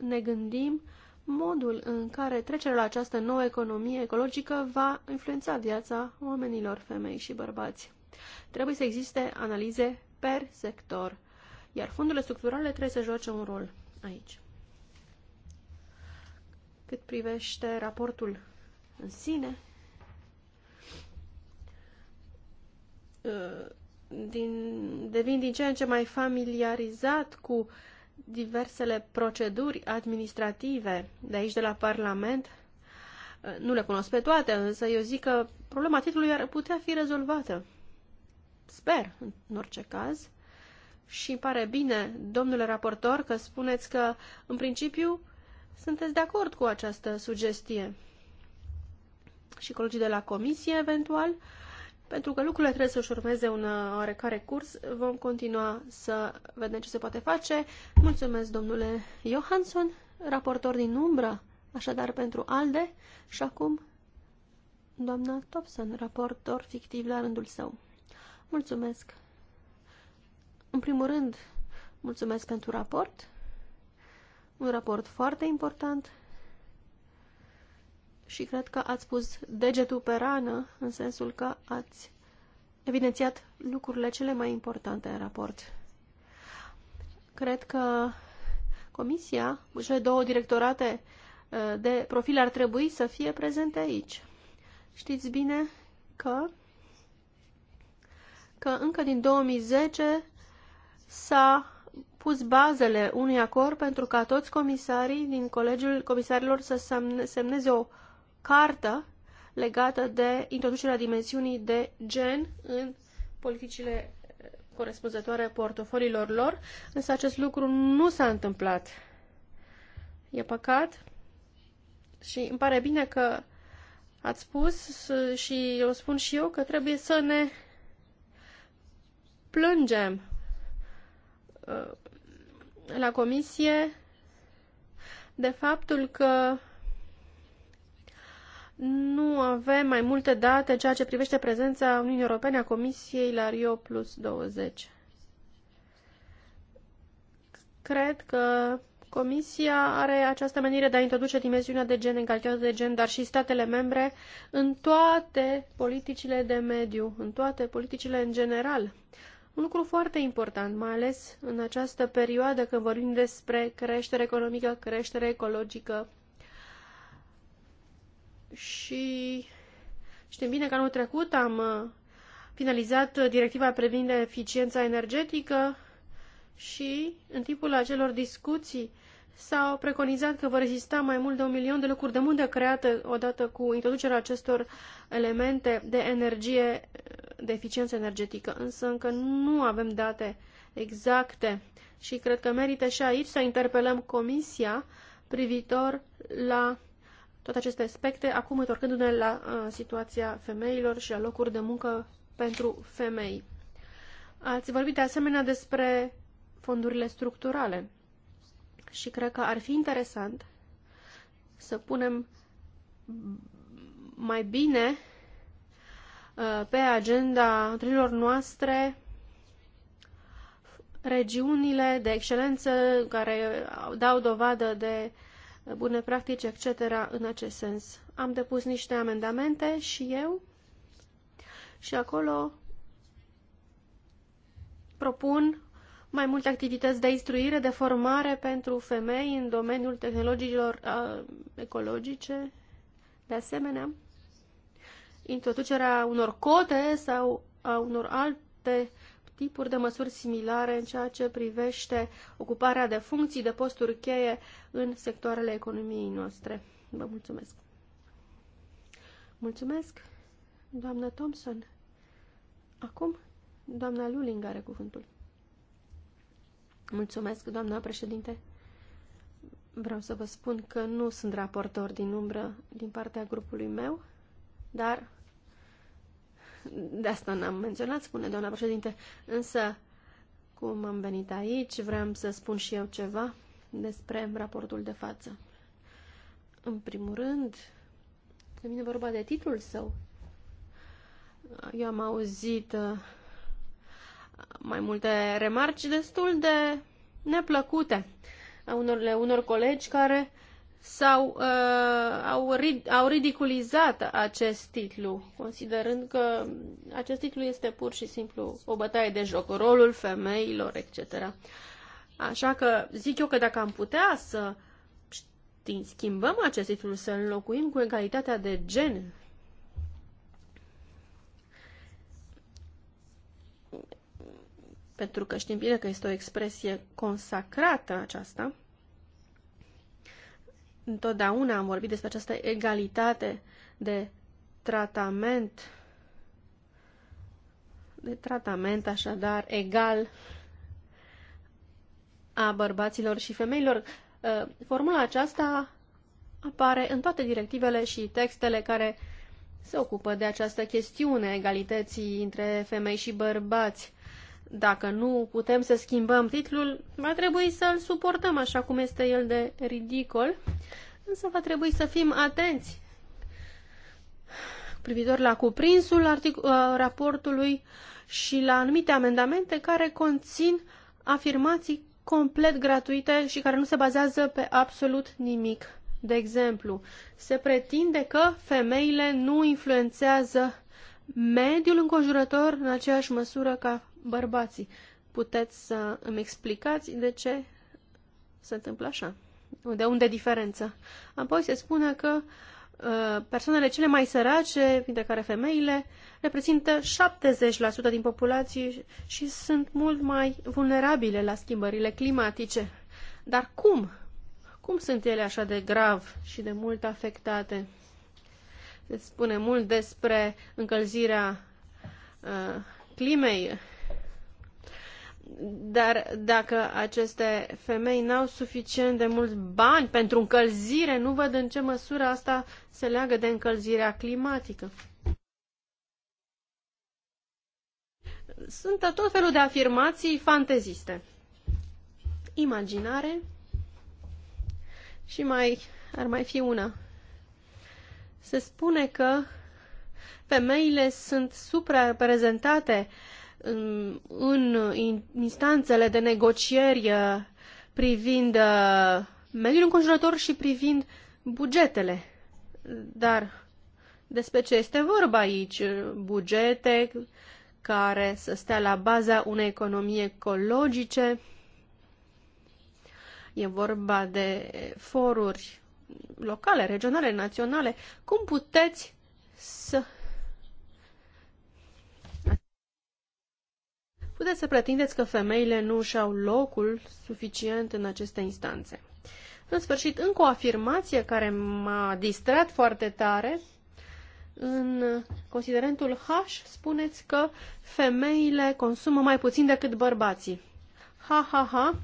[SPEAKER 4] ne gândim modul în care trecerea la această nouă economie ecologică va influența viața oamenilor, femei și bărbați. Trebuie să existe analize per sector, iar fondurile structurale trebuie să joace un rol aici. Cât privește raportul în sine, uh, din, devin din ce în ce mai familiarizat cu diversele proceduri administrative de aici, de la Parlament. Uh, nu le cunosc pe toate, însă eu zic că problema titlului ar putea fi rezolvată Sper, în orice caz. Și îmi pare bine, domnule raportor, că spuneți că, în principiu, sunteți de acord cu această sugestie. Și colegii de la comisie, eventual, pentru că lucrurile trebuie să-și urmeze un uh, oarecare curs, vom continua să vedem ce se poate face. Mulțumesc, domnule Johansson, raportor din umbră, așadar pentru ALDE, și acum doamna Thompson, raportor fictiv la rândul său. Mulțumesc! În primul rând, mulțumesc pentru raport. Un raport foarte important și cred că ați pus degetul pe rană în sensul că ați evidențiat lucrurile cele mai importante în raport. Cred că comisia, cele două directorate uh, de profil ar trebui să fie prezente aici. Știți bine că că încă din 2010 s-a pus bazele unui acord pentru ca toți comisarii din Colegiul Comisarilor să semneze o cartă legată de introducerea dimensiunii de gen în politicile eh, corespunzătoare portofoliilor lor, însă acest lucru nu s-a întâmplat. E păcat și îmi pare bine că ați spus și eu spun și eu că trebuie să ne plângem uh, la comisie de faptul că nu avem mai multe date în ceea ce privește prezența Uniunii Europene a Comisiei la Rio Plus 20. Cred că Comisia are această menire de a introduce dimensiunea de gen, în egalitatea de gen, dar și statele membre în toate politicile de mediu, în toate politicile în general. Un lucru foarte important, mai ales în această perioadă când vorbim despre creștere economică, creștere ecologică. Și știm bine că anul trecut am uh, finalizat directiva privind eficiența energetică și în timpul acelor discuții s-au preconizat că vor exista mai mult de un milion de locuri de muncă create odată cu introducerea acestor elemente de energie, de eficiență energetică, însă încă nu avem date exacte și cred că merită și aici să interpelăm Comisia privitor la toate aceste aspecte, acum întorcându-ne la uh, situația femeilor și la locuri de muncă pentru femei. Ați vorbit de asemenea despre fondurile structurale și cred că ar fi interesant să punem mai bine uh, pe agenda întâlnirilor noastre regiunile de excelență care dau dovadă de bune practici, etc. în acest sens. Am depus niște amendamente și eu și acolo propun mai multe activități de instruire, de formare pentru femei în domeniul tehnologiilor uh, ecologice, de asemenea, introducerea unor cote sau a unor alte tipuri de măsuri similare în ceea ce privește ocuparea de funcții, de posturi cheie în sectoarele economiei noastre. Vă mulțumesc! Mulțumesc, doamna Thompson. Acum, doamna Luling are cuvântul. Mulțumesc, doamna președinte. Vreau să vă spun că nu sunt raportor din umbră din partea grupului meu, dar de asta n-am menționat, spune doamna președinte, însă cum am venit aici, vreau să spun și eu ceva despre raportul de față. În primul rând, se vine vorba de titlul său. Eu am auzit uh, mai multe remarci destul de neplăcute a unor, unor colegi care sau uh, au, rid, au ridiculizat acest titlu, considerând că acest titlu este pur și simplu o bătaie de joc, rolul femeilor, etc. Așa că zic eu că dacă am putea să schimbăm acest titlu, să înlocuim cu egalitatea de gen pentru că știm bine că este o expresie consacrată aceasta. Întotdeauna am vorbit despre această egalitate de tratament, de tratament așadar egal a bărbaților și femeilor. Uh, formula aceasta apare în toate directivele și textele care se ocupă de această chestiune egalității între femei și bărbați. Dacă nu putem să schimbăm titlul, va trebui să-l suportăm așa cum este el de ridicol, însă va trebui să fim atenți privitor la cuprinsul uh, raportului și la anumite amendamente care conțin afirmații complet gratuite și care nu se bazează pe absolut nimic. De exemplu, se pretinde că femeile nu influențează mediul înconjurător în aceeași măsură ca bărbații. Puteți să îmi explicați de ce se întâmplă așa? De unde diferența? Apoi se spune că uh, persoanele cele mai sărace, printre care femeile, reprezintă 70% din populație și sunt mult mai vulnerabile la schimbările climatice. Dar cum? Cum sunt ele așa de grav și de mult afectate? Se spune mult despre încălzirea uh, climei, dar dacă aceste femei n-au suficient de mulți bani pentru încălzire, nu văd în ce măsură asta se leagă de încălzirea climatică. Sunt tot felul de afirmații fanteziste. Imaginare și mai ar mai fi una. Se spune că femeile sunt suprareprezentate în, în instanțele de negocieri uh, privind uh, mediul înconjurător și privind bugetele. Dar despre ce este vorba aici? Bugete care să stea la baza unei economii ecologice. E vorba de foruri locale, regionale, naționale. Cum puteți să puteți să pretindeți că femeile nu își au locul suficient în aceste instanțe. În sfârșit, încă o afirmație care m-a distrat foarte tare. În considerentul H spuneți că femeile consumă mai puțin decât bărbații. Ha, ha, ha.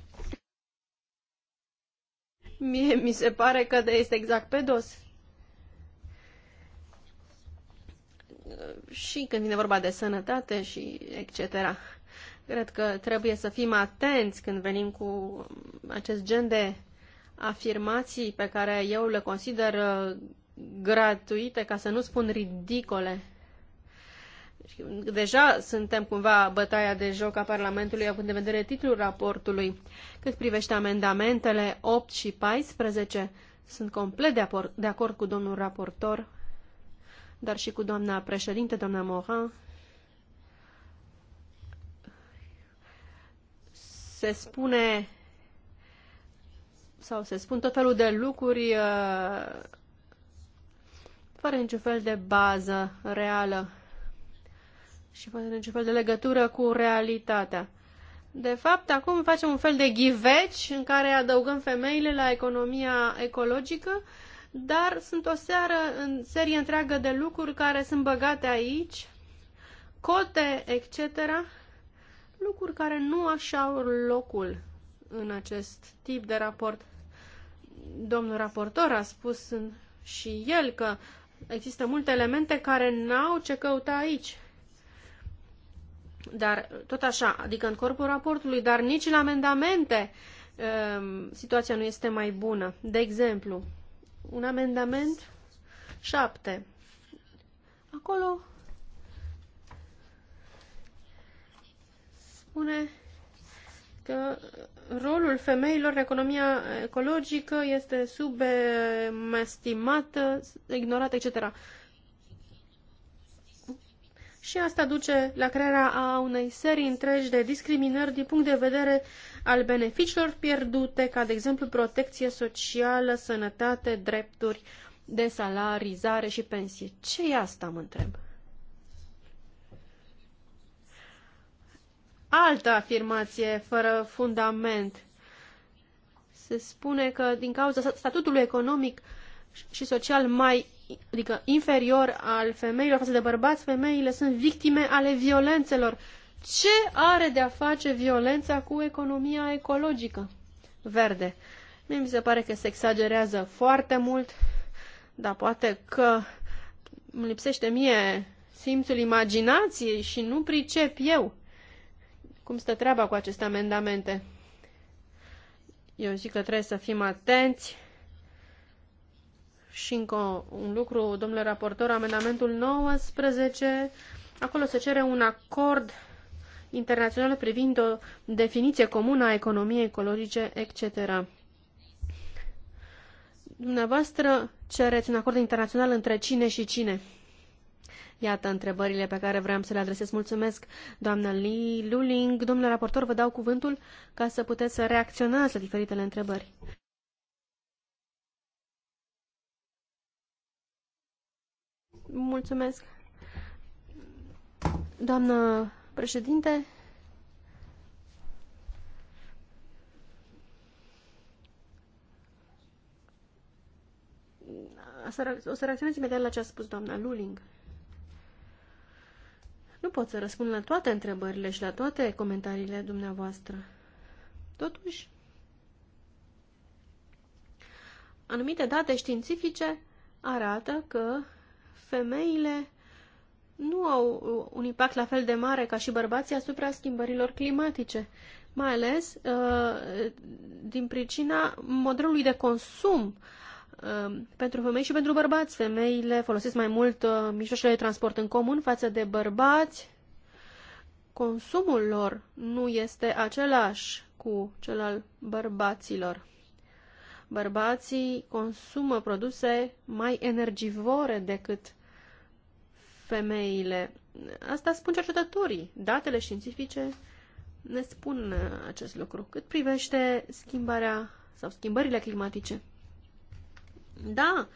[SPEAKER 4] Mie mi se pare că de este exact pe dos. Și când vine vorba de sănătate și etc. Cred că trebuie să fim atenți când venim cu acest gen de afirmații pe care eu le consider uh, gratuite, ca să nu spun ridicole. Deja suntem cumva bătaia de joc a Parlamentului, având în vedere titlul raportului. Cât privește amendamentele 8 și 14, sunt complet de, de acord cu domnul raportor, dar și cu doamna președinte, doamna Morin, se spune sau se spun tot felul de lucruri uh, fără niciun fel de bază reală și fără niciun fel de legătură cu realitatea. De fapt, acum facem un fel de ghiveci în care adăugăm femeile la economia ecologică, dar sunt o seară, în serie întreagă de lucruri care sunt băgate aici, cote, etc., lucruri care nu așa au locul în acest tip de raport. Domnul raportor a spus și el că există multe elemente care n-au ce căuta aici. Dar tot așa, adică în corpul raportului, dar nici în amendamente ehm, situația nu este mai bună. De exemplu, un amendament 7. Acolo spune că rolul femeilor în economia ecologică este subestimat, ignorat, etc. Și asta duce la crearea a unei serii întregi de discriminări din punct de vedere al beneficiilor pierdute, ca de exemplu protecție socială, sănătate, drepturi de salarizare și pensie. Ce e asta, mă întreb? altă afirmație fără fundament. Se spune că din cauza statutului economic și social mai adică inferior al femeilor față de bărbați, femeile sunt victime ale violențelor. Ce are de a face violența cu economia ecologică? Verde. Mie mi se pare că se exagerează foarte mult, dar poate că îmi lipsește mie simțul imaginației și nu pricep eu cum stă treaba cu aceste amendamente. Eu zic că trebuie să fim atenți. Și încă un lucru, domnule raportor, amendamentul 19, acolo se cere un acord internațional privind o definiție comună a economiei ecologice, etc. Dumneavoastră cereți un acord internațional între cine și cine? Iată întrebările pe care vreau să le adresez. Mulțumesc, doamna Lee Luling. Domnule raportor, vă dau cuvântul ca să puteți să reacționați la diferitele întrebări. Mulțumesc. Doamnă președinte, o să reacționez imediat la ce a spus doamna Luling. Nu pot să răspund la toate întrebările și la toate comentariile dumneavoastră. Totuși, anumite date științifice arată că femeile nu au un impact la fel de mare ca și bărbații asupra schimbărilor climatice, mai ales uh, din pricina modelului de consum Um, pentru femei și pentru bărbați. Femeile folosesc mai mult uh, mijloacele de transport în comun față de bărbați. Consumul lor nu este același cu cel al bărbaților. Bărbații consumă produse mai energivore decât femeile. Asta spun cercetătorii. Datele științifice ne spun acest lucru. Cât privește schimbarea sau schimbările climatice. Da,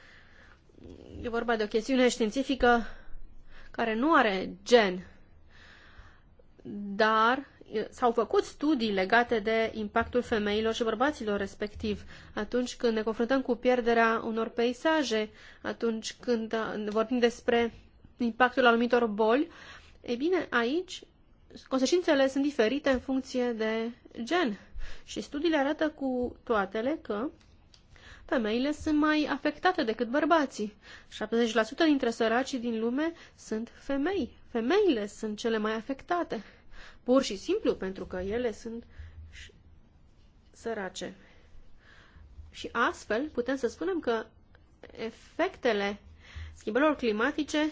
[SPEAKER 4] e vorba de o chestiune științifică care nu are gen, dar s-au făcut studii legate de impactul femeilor și bărbaților respectiv atunci când ne confruntăm cu pierderea unor peisaje, atunci când vorbim despre impactul anumitor boli. e bine, aici consecințele sunt diferite în funcție de gen și studiile arată cu toatele că femeile sunt mai afectate decât bărbații. 70% dintre săracii din lume sunt femei. Femeile sunt cele mai afectate. Pur și simplu pentru că ele sunt sărace. Și astfel putem să spunem că efectele schimbărilor climatice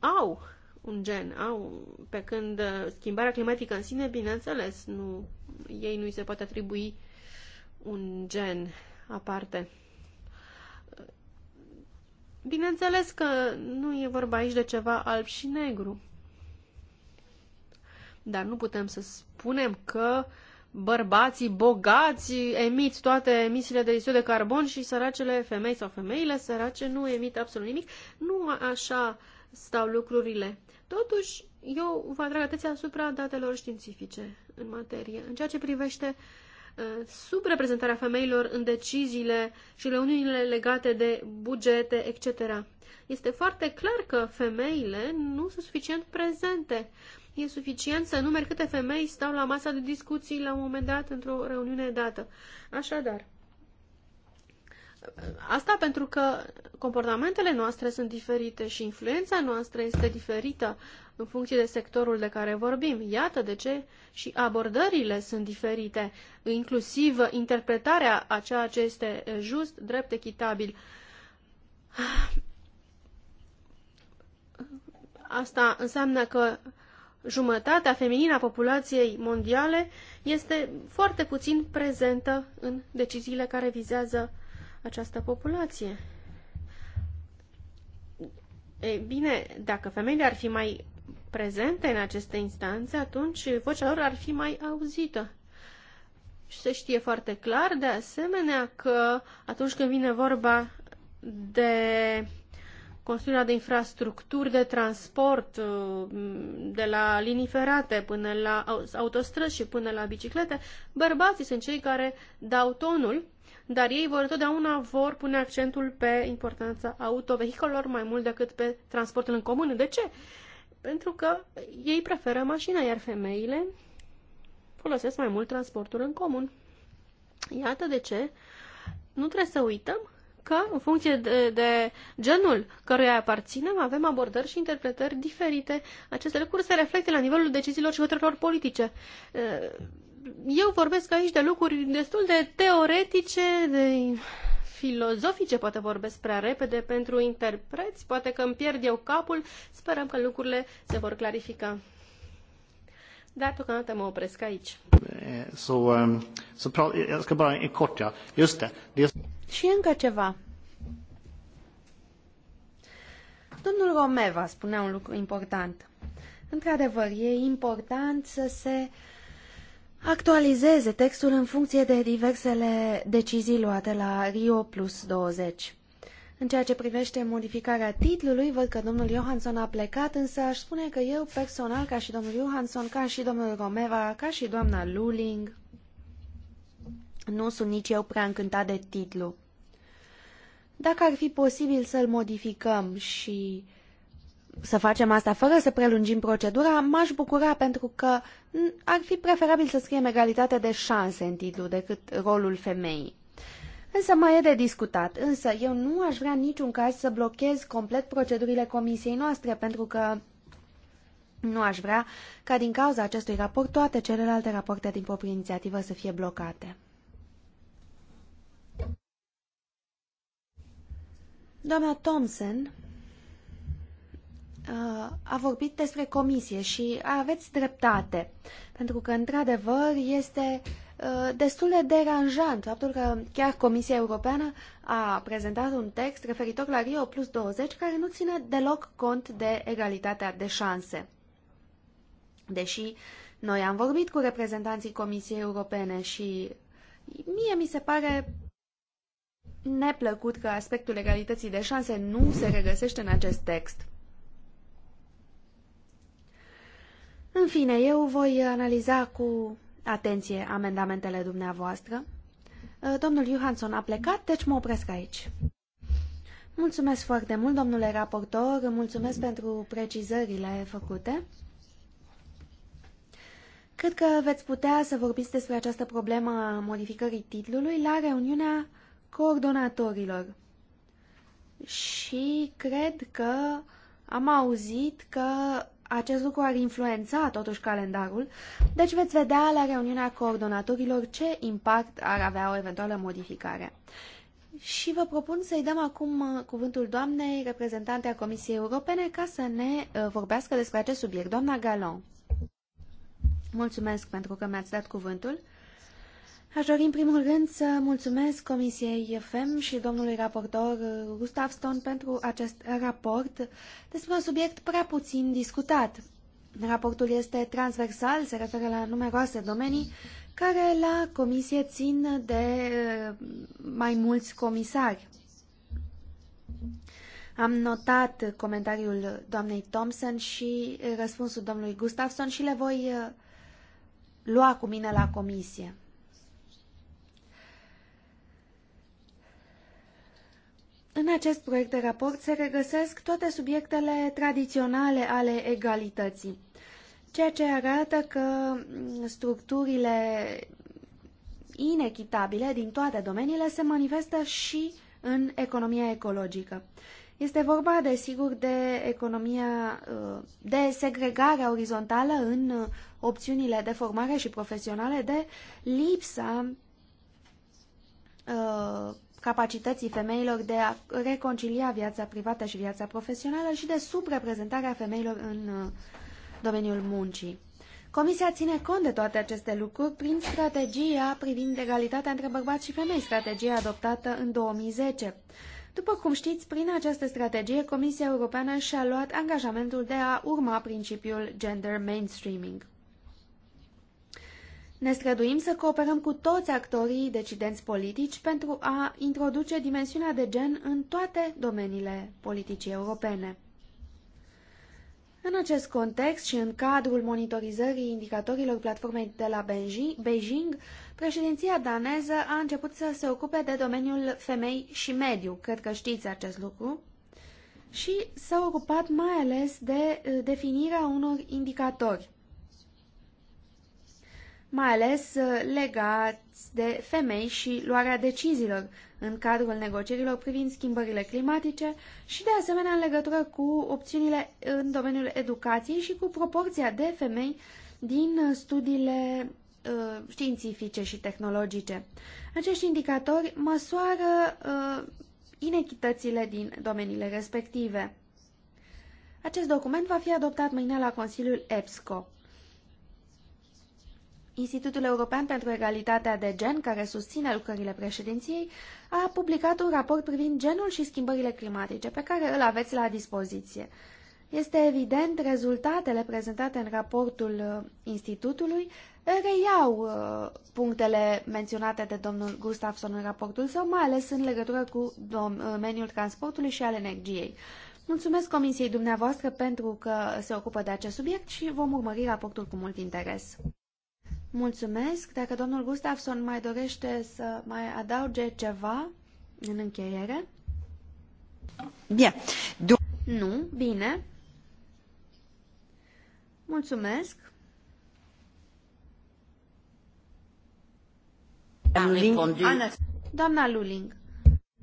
[SPEAKER 4] au un gen, au, pe când uh, schimbarea climatică în sine, bineînțeles, nu, ei nu îi se poate atribui un gen aparte. Bineînțeles că nu e vorba aici de ceva alb și negru. Dar nu putem să spunem că bărbații bogați emit toate emisiile de dioxid de carbon și săracele femei sau femeile sărace nu emit absolut nimic. Nu așa stau lucrurile. Totuși, eu vă atrag atenția asupra datelor științifice în materie. În ceea ce privește uh, subreprezentarea femeilor în deciziile și reuniunile legate de bugete, etc. Este foarte clar că femeile nu sunt suficient prezente. E suficient să numeri câte femei stau la masa de discuții la un moment dat într-o reuniune dată. Așadar, Asta pentru că comportamentele noastre sunt diferite și influența noastră este diferită în funcție de sectorul de care vorbim. Iată de ce și abordările sunt diferite, inclusiv interpretarea a ceea ce este just, drept, echitabil. Asta înseamnă că jumătatea feminină a populației mondiale este foarte puțin prezentă în deciziile care vizează această populație. Ei bine, dacă femeile ar fi mai prezente în aceste instanțe, atunci vocea lor ar fi mai auzită. Și se știe foarte clar, de asemenea, că atunci când vine vorba de construirea de infrastructuri de transport, de la linii ferate până la autostrăzi și până la biciclete, bărbații sunt cei care dau tonul dar ei vor întotdeauna vor pune accentul pe importanța autovehicolor mai mult decât pe transportul în comun. De ce? Pentru că ei preferă mașina, iar femeile folosesc mai mult transportul în comun. Iată de ce nu trebuie să uităm că, în funcție de, de genul căruia aparținem, avem abordări și interpretări diferite. Aceste lucruri se reflectă la nivelul deciziilor și hotărârilor politice eu vorbesc aici de lucruri destul de teoretice, de filozofice, poate vorbesc prea repede pentru interpreți, poate că îmi pierd eu capul, sperăm că lucrurile se vor clarifica. Dar deocamdată mă opresc aici.
[SPEAKER 2] So, um, so, eh, jag bara Just
[SPEAKER 1] Și încă ceva. Domnul Romeva spunea un lucru important. Într-adevăr, e important să se uh, actualizeze textul în funcție de diversele decizii luate la Rio Plus 20. În ceea ce privește modificarea titlului, văd că domnul Johansson a plecat, însă aș spune că eu personal, ca și domnul Johansson, ca și domnul Romeva, ca și doamna Luling, nu sunt nici eu prea încântat de titlu. Dacă ar fi posibil să-l modificăm și uh, să facem asta fără să prelungim procedura, m-aș bucura pentru că ar fi preferabil să scriem egalitate de șanse în titlu decât rolul femeii. Însă mai e de discutat, însă eu nu aș vrea niciun caz să blochez complet procedurile comisiei noastre, pentru că nu aș vrea ca din cauza acestui raport toate celelalte rapoarte din propria inițiativă să fie blocate. Doamna Thompson a vorbit despre comisie și aveți dreptate, pentru că, într-adevăr, este uh, destul de deranjant faptul că chiar Comisia Europeană a prezentat un text referitor la Rio Plus 20 care nu ține deloc cont de egalitatea de șanse. Deși noi am vorbit cu reprezentanții Comisiei Europene și mie mi se pare neplăcut că aspectul egalității de șanse nu se regăsește în acest text. În fine, eu voi analiza cu atenție amendamentele dumneavoastră. Uh, domnul Johansson a plecat, deci mă opresc aici. Mulțumesc foarte mult, domnule raportor, mulțumesc pentru precizările făcute. Cred că veți putea să vorbiți despre această problemă a modificării titlului la reuniunea coordonatorilor. Și cred că am auzit că acest lucru ar influența totuși calendarul, deci veți vedea la reuniunea coordonatorilor ce impact ar avea o eventuală modificare. Și vă propun să-i dăm acum uh, cuvântul doamnei reprezentante a Comisiei Europene ca să ne uh, vorbească despre acest subiect. Doamna Galon, mulțumesc pentru că mi-ați dat cuvântul. Aș dori în primul rând să mulțumesc Comisiei FEM și domnului raportor uh, Stone pentru acest raport despre un subiect prea puțin discutat. Raportul este transversal, se referă la numeroase domenii care la Comisie țin de uh, mai mulți comisari. Am notat comentariul doamnei Thompson și răspunsul domnului Gustafson și le voi uh, lua cu mine la comisie. În acest proiect de raport se regăsesc toate subiectele tradiționale ale egalității, ceea ce arată că mm, structurile inechitabile din toate domeniile se manifestă și în economia ecologică. Este vorba, desigur, de economia, uh, de segregarea orizontală în uh, opțiunile de formare și profesionale, de lipsa uh, capacității femeilor de a reconcilia viața privată și viața profesională și de subreprezentarea femeilor în uh, domeniul muncii. Comisia ține cont de toate aceste lucruri prin strategia privind egalitatea între bărbați și femei, strategia adoptată în 2010. După cum știți, prin această strategie, Comisia Europeană și-a luat angajamentul de a urma principiul gender mainstreaming. Ne străduim să cooperăm cu toți actorii decidenți politici pentru a introduce dimensiunea de gen în toate domeniile politicii europene. În acest context și în cadrul monitorizării indicatorilor platformei de la Beijing, președinția daneză a început să se ocupe de domeniul femei și mediu, cred că știți acest lucru, și s-a ocupat mai ales de uh, definirea unor indicatori mai ales uh, legați de femei și luarea deciziilor în cadrul negocierilor privind schimbările climatice și de asemenea în legătură cu opțiunile în domeniul educației și cu proporția de femei din uh, studiile uh, științifice și tehnologice. Acești indicatori măsoară uh, inechitățile din domeniile respective. Acest document va fi adoptat mâine la Consiliul EPSCO. Institutul European pentru Egalitatea de Gen, care susține lucrările președinției, a publicat un raport privind genul și schimbările climatice, pe care îl aveți la dispoziție. Este evident, rezultatele prezentate în raportul uh, institutului reiau uh, punctele menționate de domnul Gustafsson în raportul său, mai ales în legătură cu domeniul uh, transportului și al energiei. Mulțumesc Comisiei dumneavoastră pentru că se ocupă de acest subiect și vom urmări raportul cu mult interes. Mulțumesc. Dacă domnul Gustafsson mai dorește să mai adauge ceva în încheiere? Bine. Nu, bine. Mulțumesc. Doamna Luling,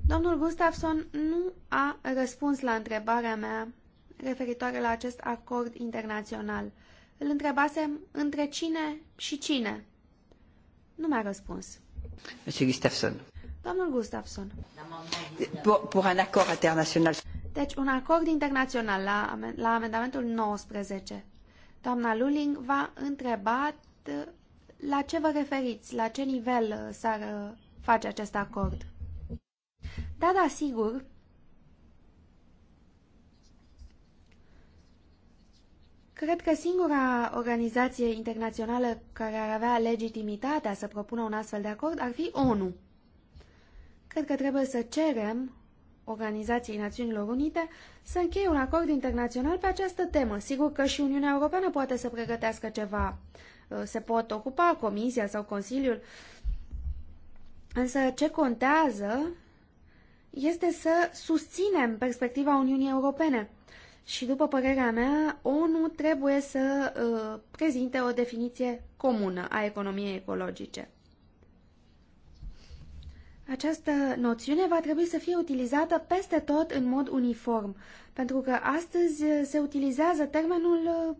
[SPEAKER 1] domnul Gustafsson nu a răspuns la întrebarea mea referitoare la acest acord internațional. Îl întrebasem între cine și cine. Nu mi-a răspuns.
[SPEAKER 2] Monsieur Gustafsson.
[SPEAKER 1] Domnul Gustafsson.
[SPEAKER 2] Pour, un acord international.
[SPEAKER 1] Deci un acord internațional la, la amendamentul 19. Doamna Luling va întreba uh, la ce vă referiți, la ce nivel uh, s-ar uh, face acest acord. Da, da, sigur. Cred că singura organizație internațională care ar avea legitimitatea să propună un astfel de acord ar fi ONU. Cred că trebuie să cerem Organizației Națiunilor Unite să încheie un acord internațional pe această temă. Sigur că și Uniunea Europeană poate să pregătească ceva. Uh, se pot ocupa Comisia sau Consiliul. Însă ce contează este să susținem perspectiva Uniunii Europene și după părerea mea, ONU trebuie să uh, prezinte o definiție comună a economiei ecologice. Această noțiune va trebui să fie utilizată peste tot în mod uniform, pentru că astăzi se utilizează termenul uh,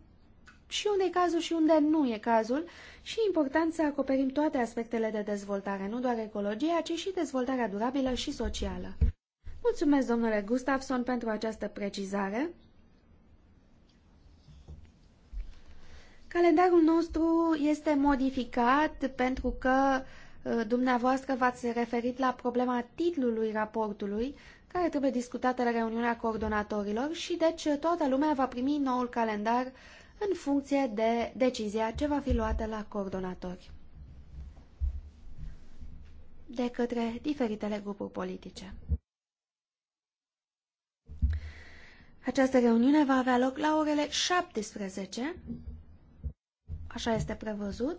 [SPEAKER 1] și unde e cazul și unde nu e cazul și e important să acoperim toate aspectele de dezvoltare, nu doar ecologia, ci și dezvoltarea durabilă și socială. Mulțumesc, domnule Gustafson, pentru această precizare. Calendarul nostru este modificat pentru că uh, dumneavoastră v-ați referit la problema titlului raportului, care trebuie discutată la reuniunea coordonatorilor și deci toată lumea va primi noul calendar în funcție de decizia ce va fi luată la coordonatori de către diferitele grupuri politice. Această reuniune va avea loc la orele 17 așa este prevăzut.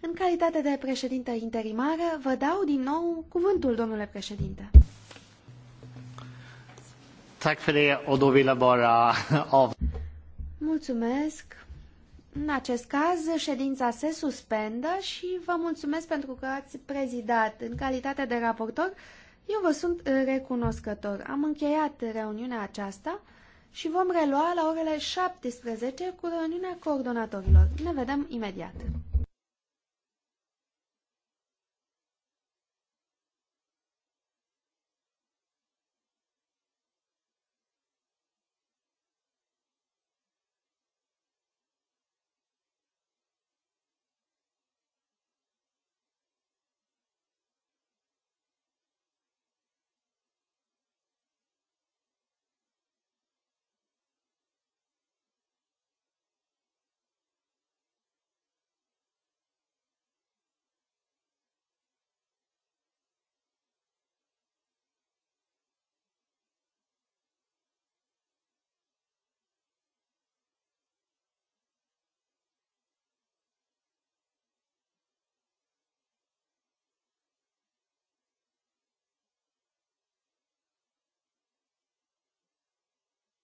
[SPEAKER 1] În calitate de președinte interimară, vă dau din nou cuvântul, domnule președinte. Mulțumesc. În acest caz, ședința se suspendă și vă mulțumesc pentru că ați prezidat. În calitate de raportor, eu vă sunt recunoscător. Am încheiat reuniunea aceasta și vom relua la orele 17 cu reuniunea coordonatorilor. Ne vedem imediat!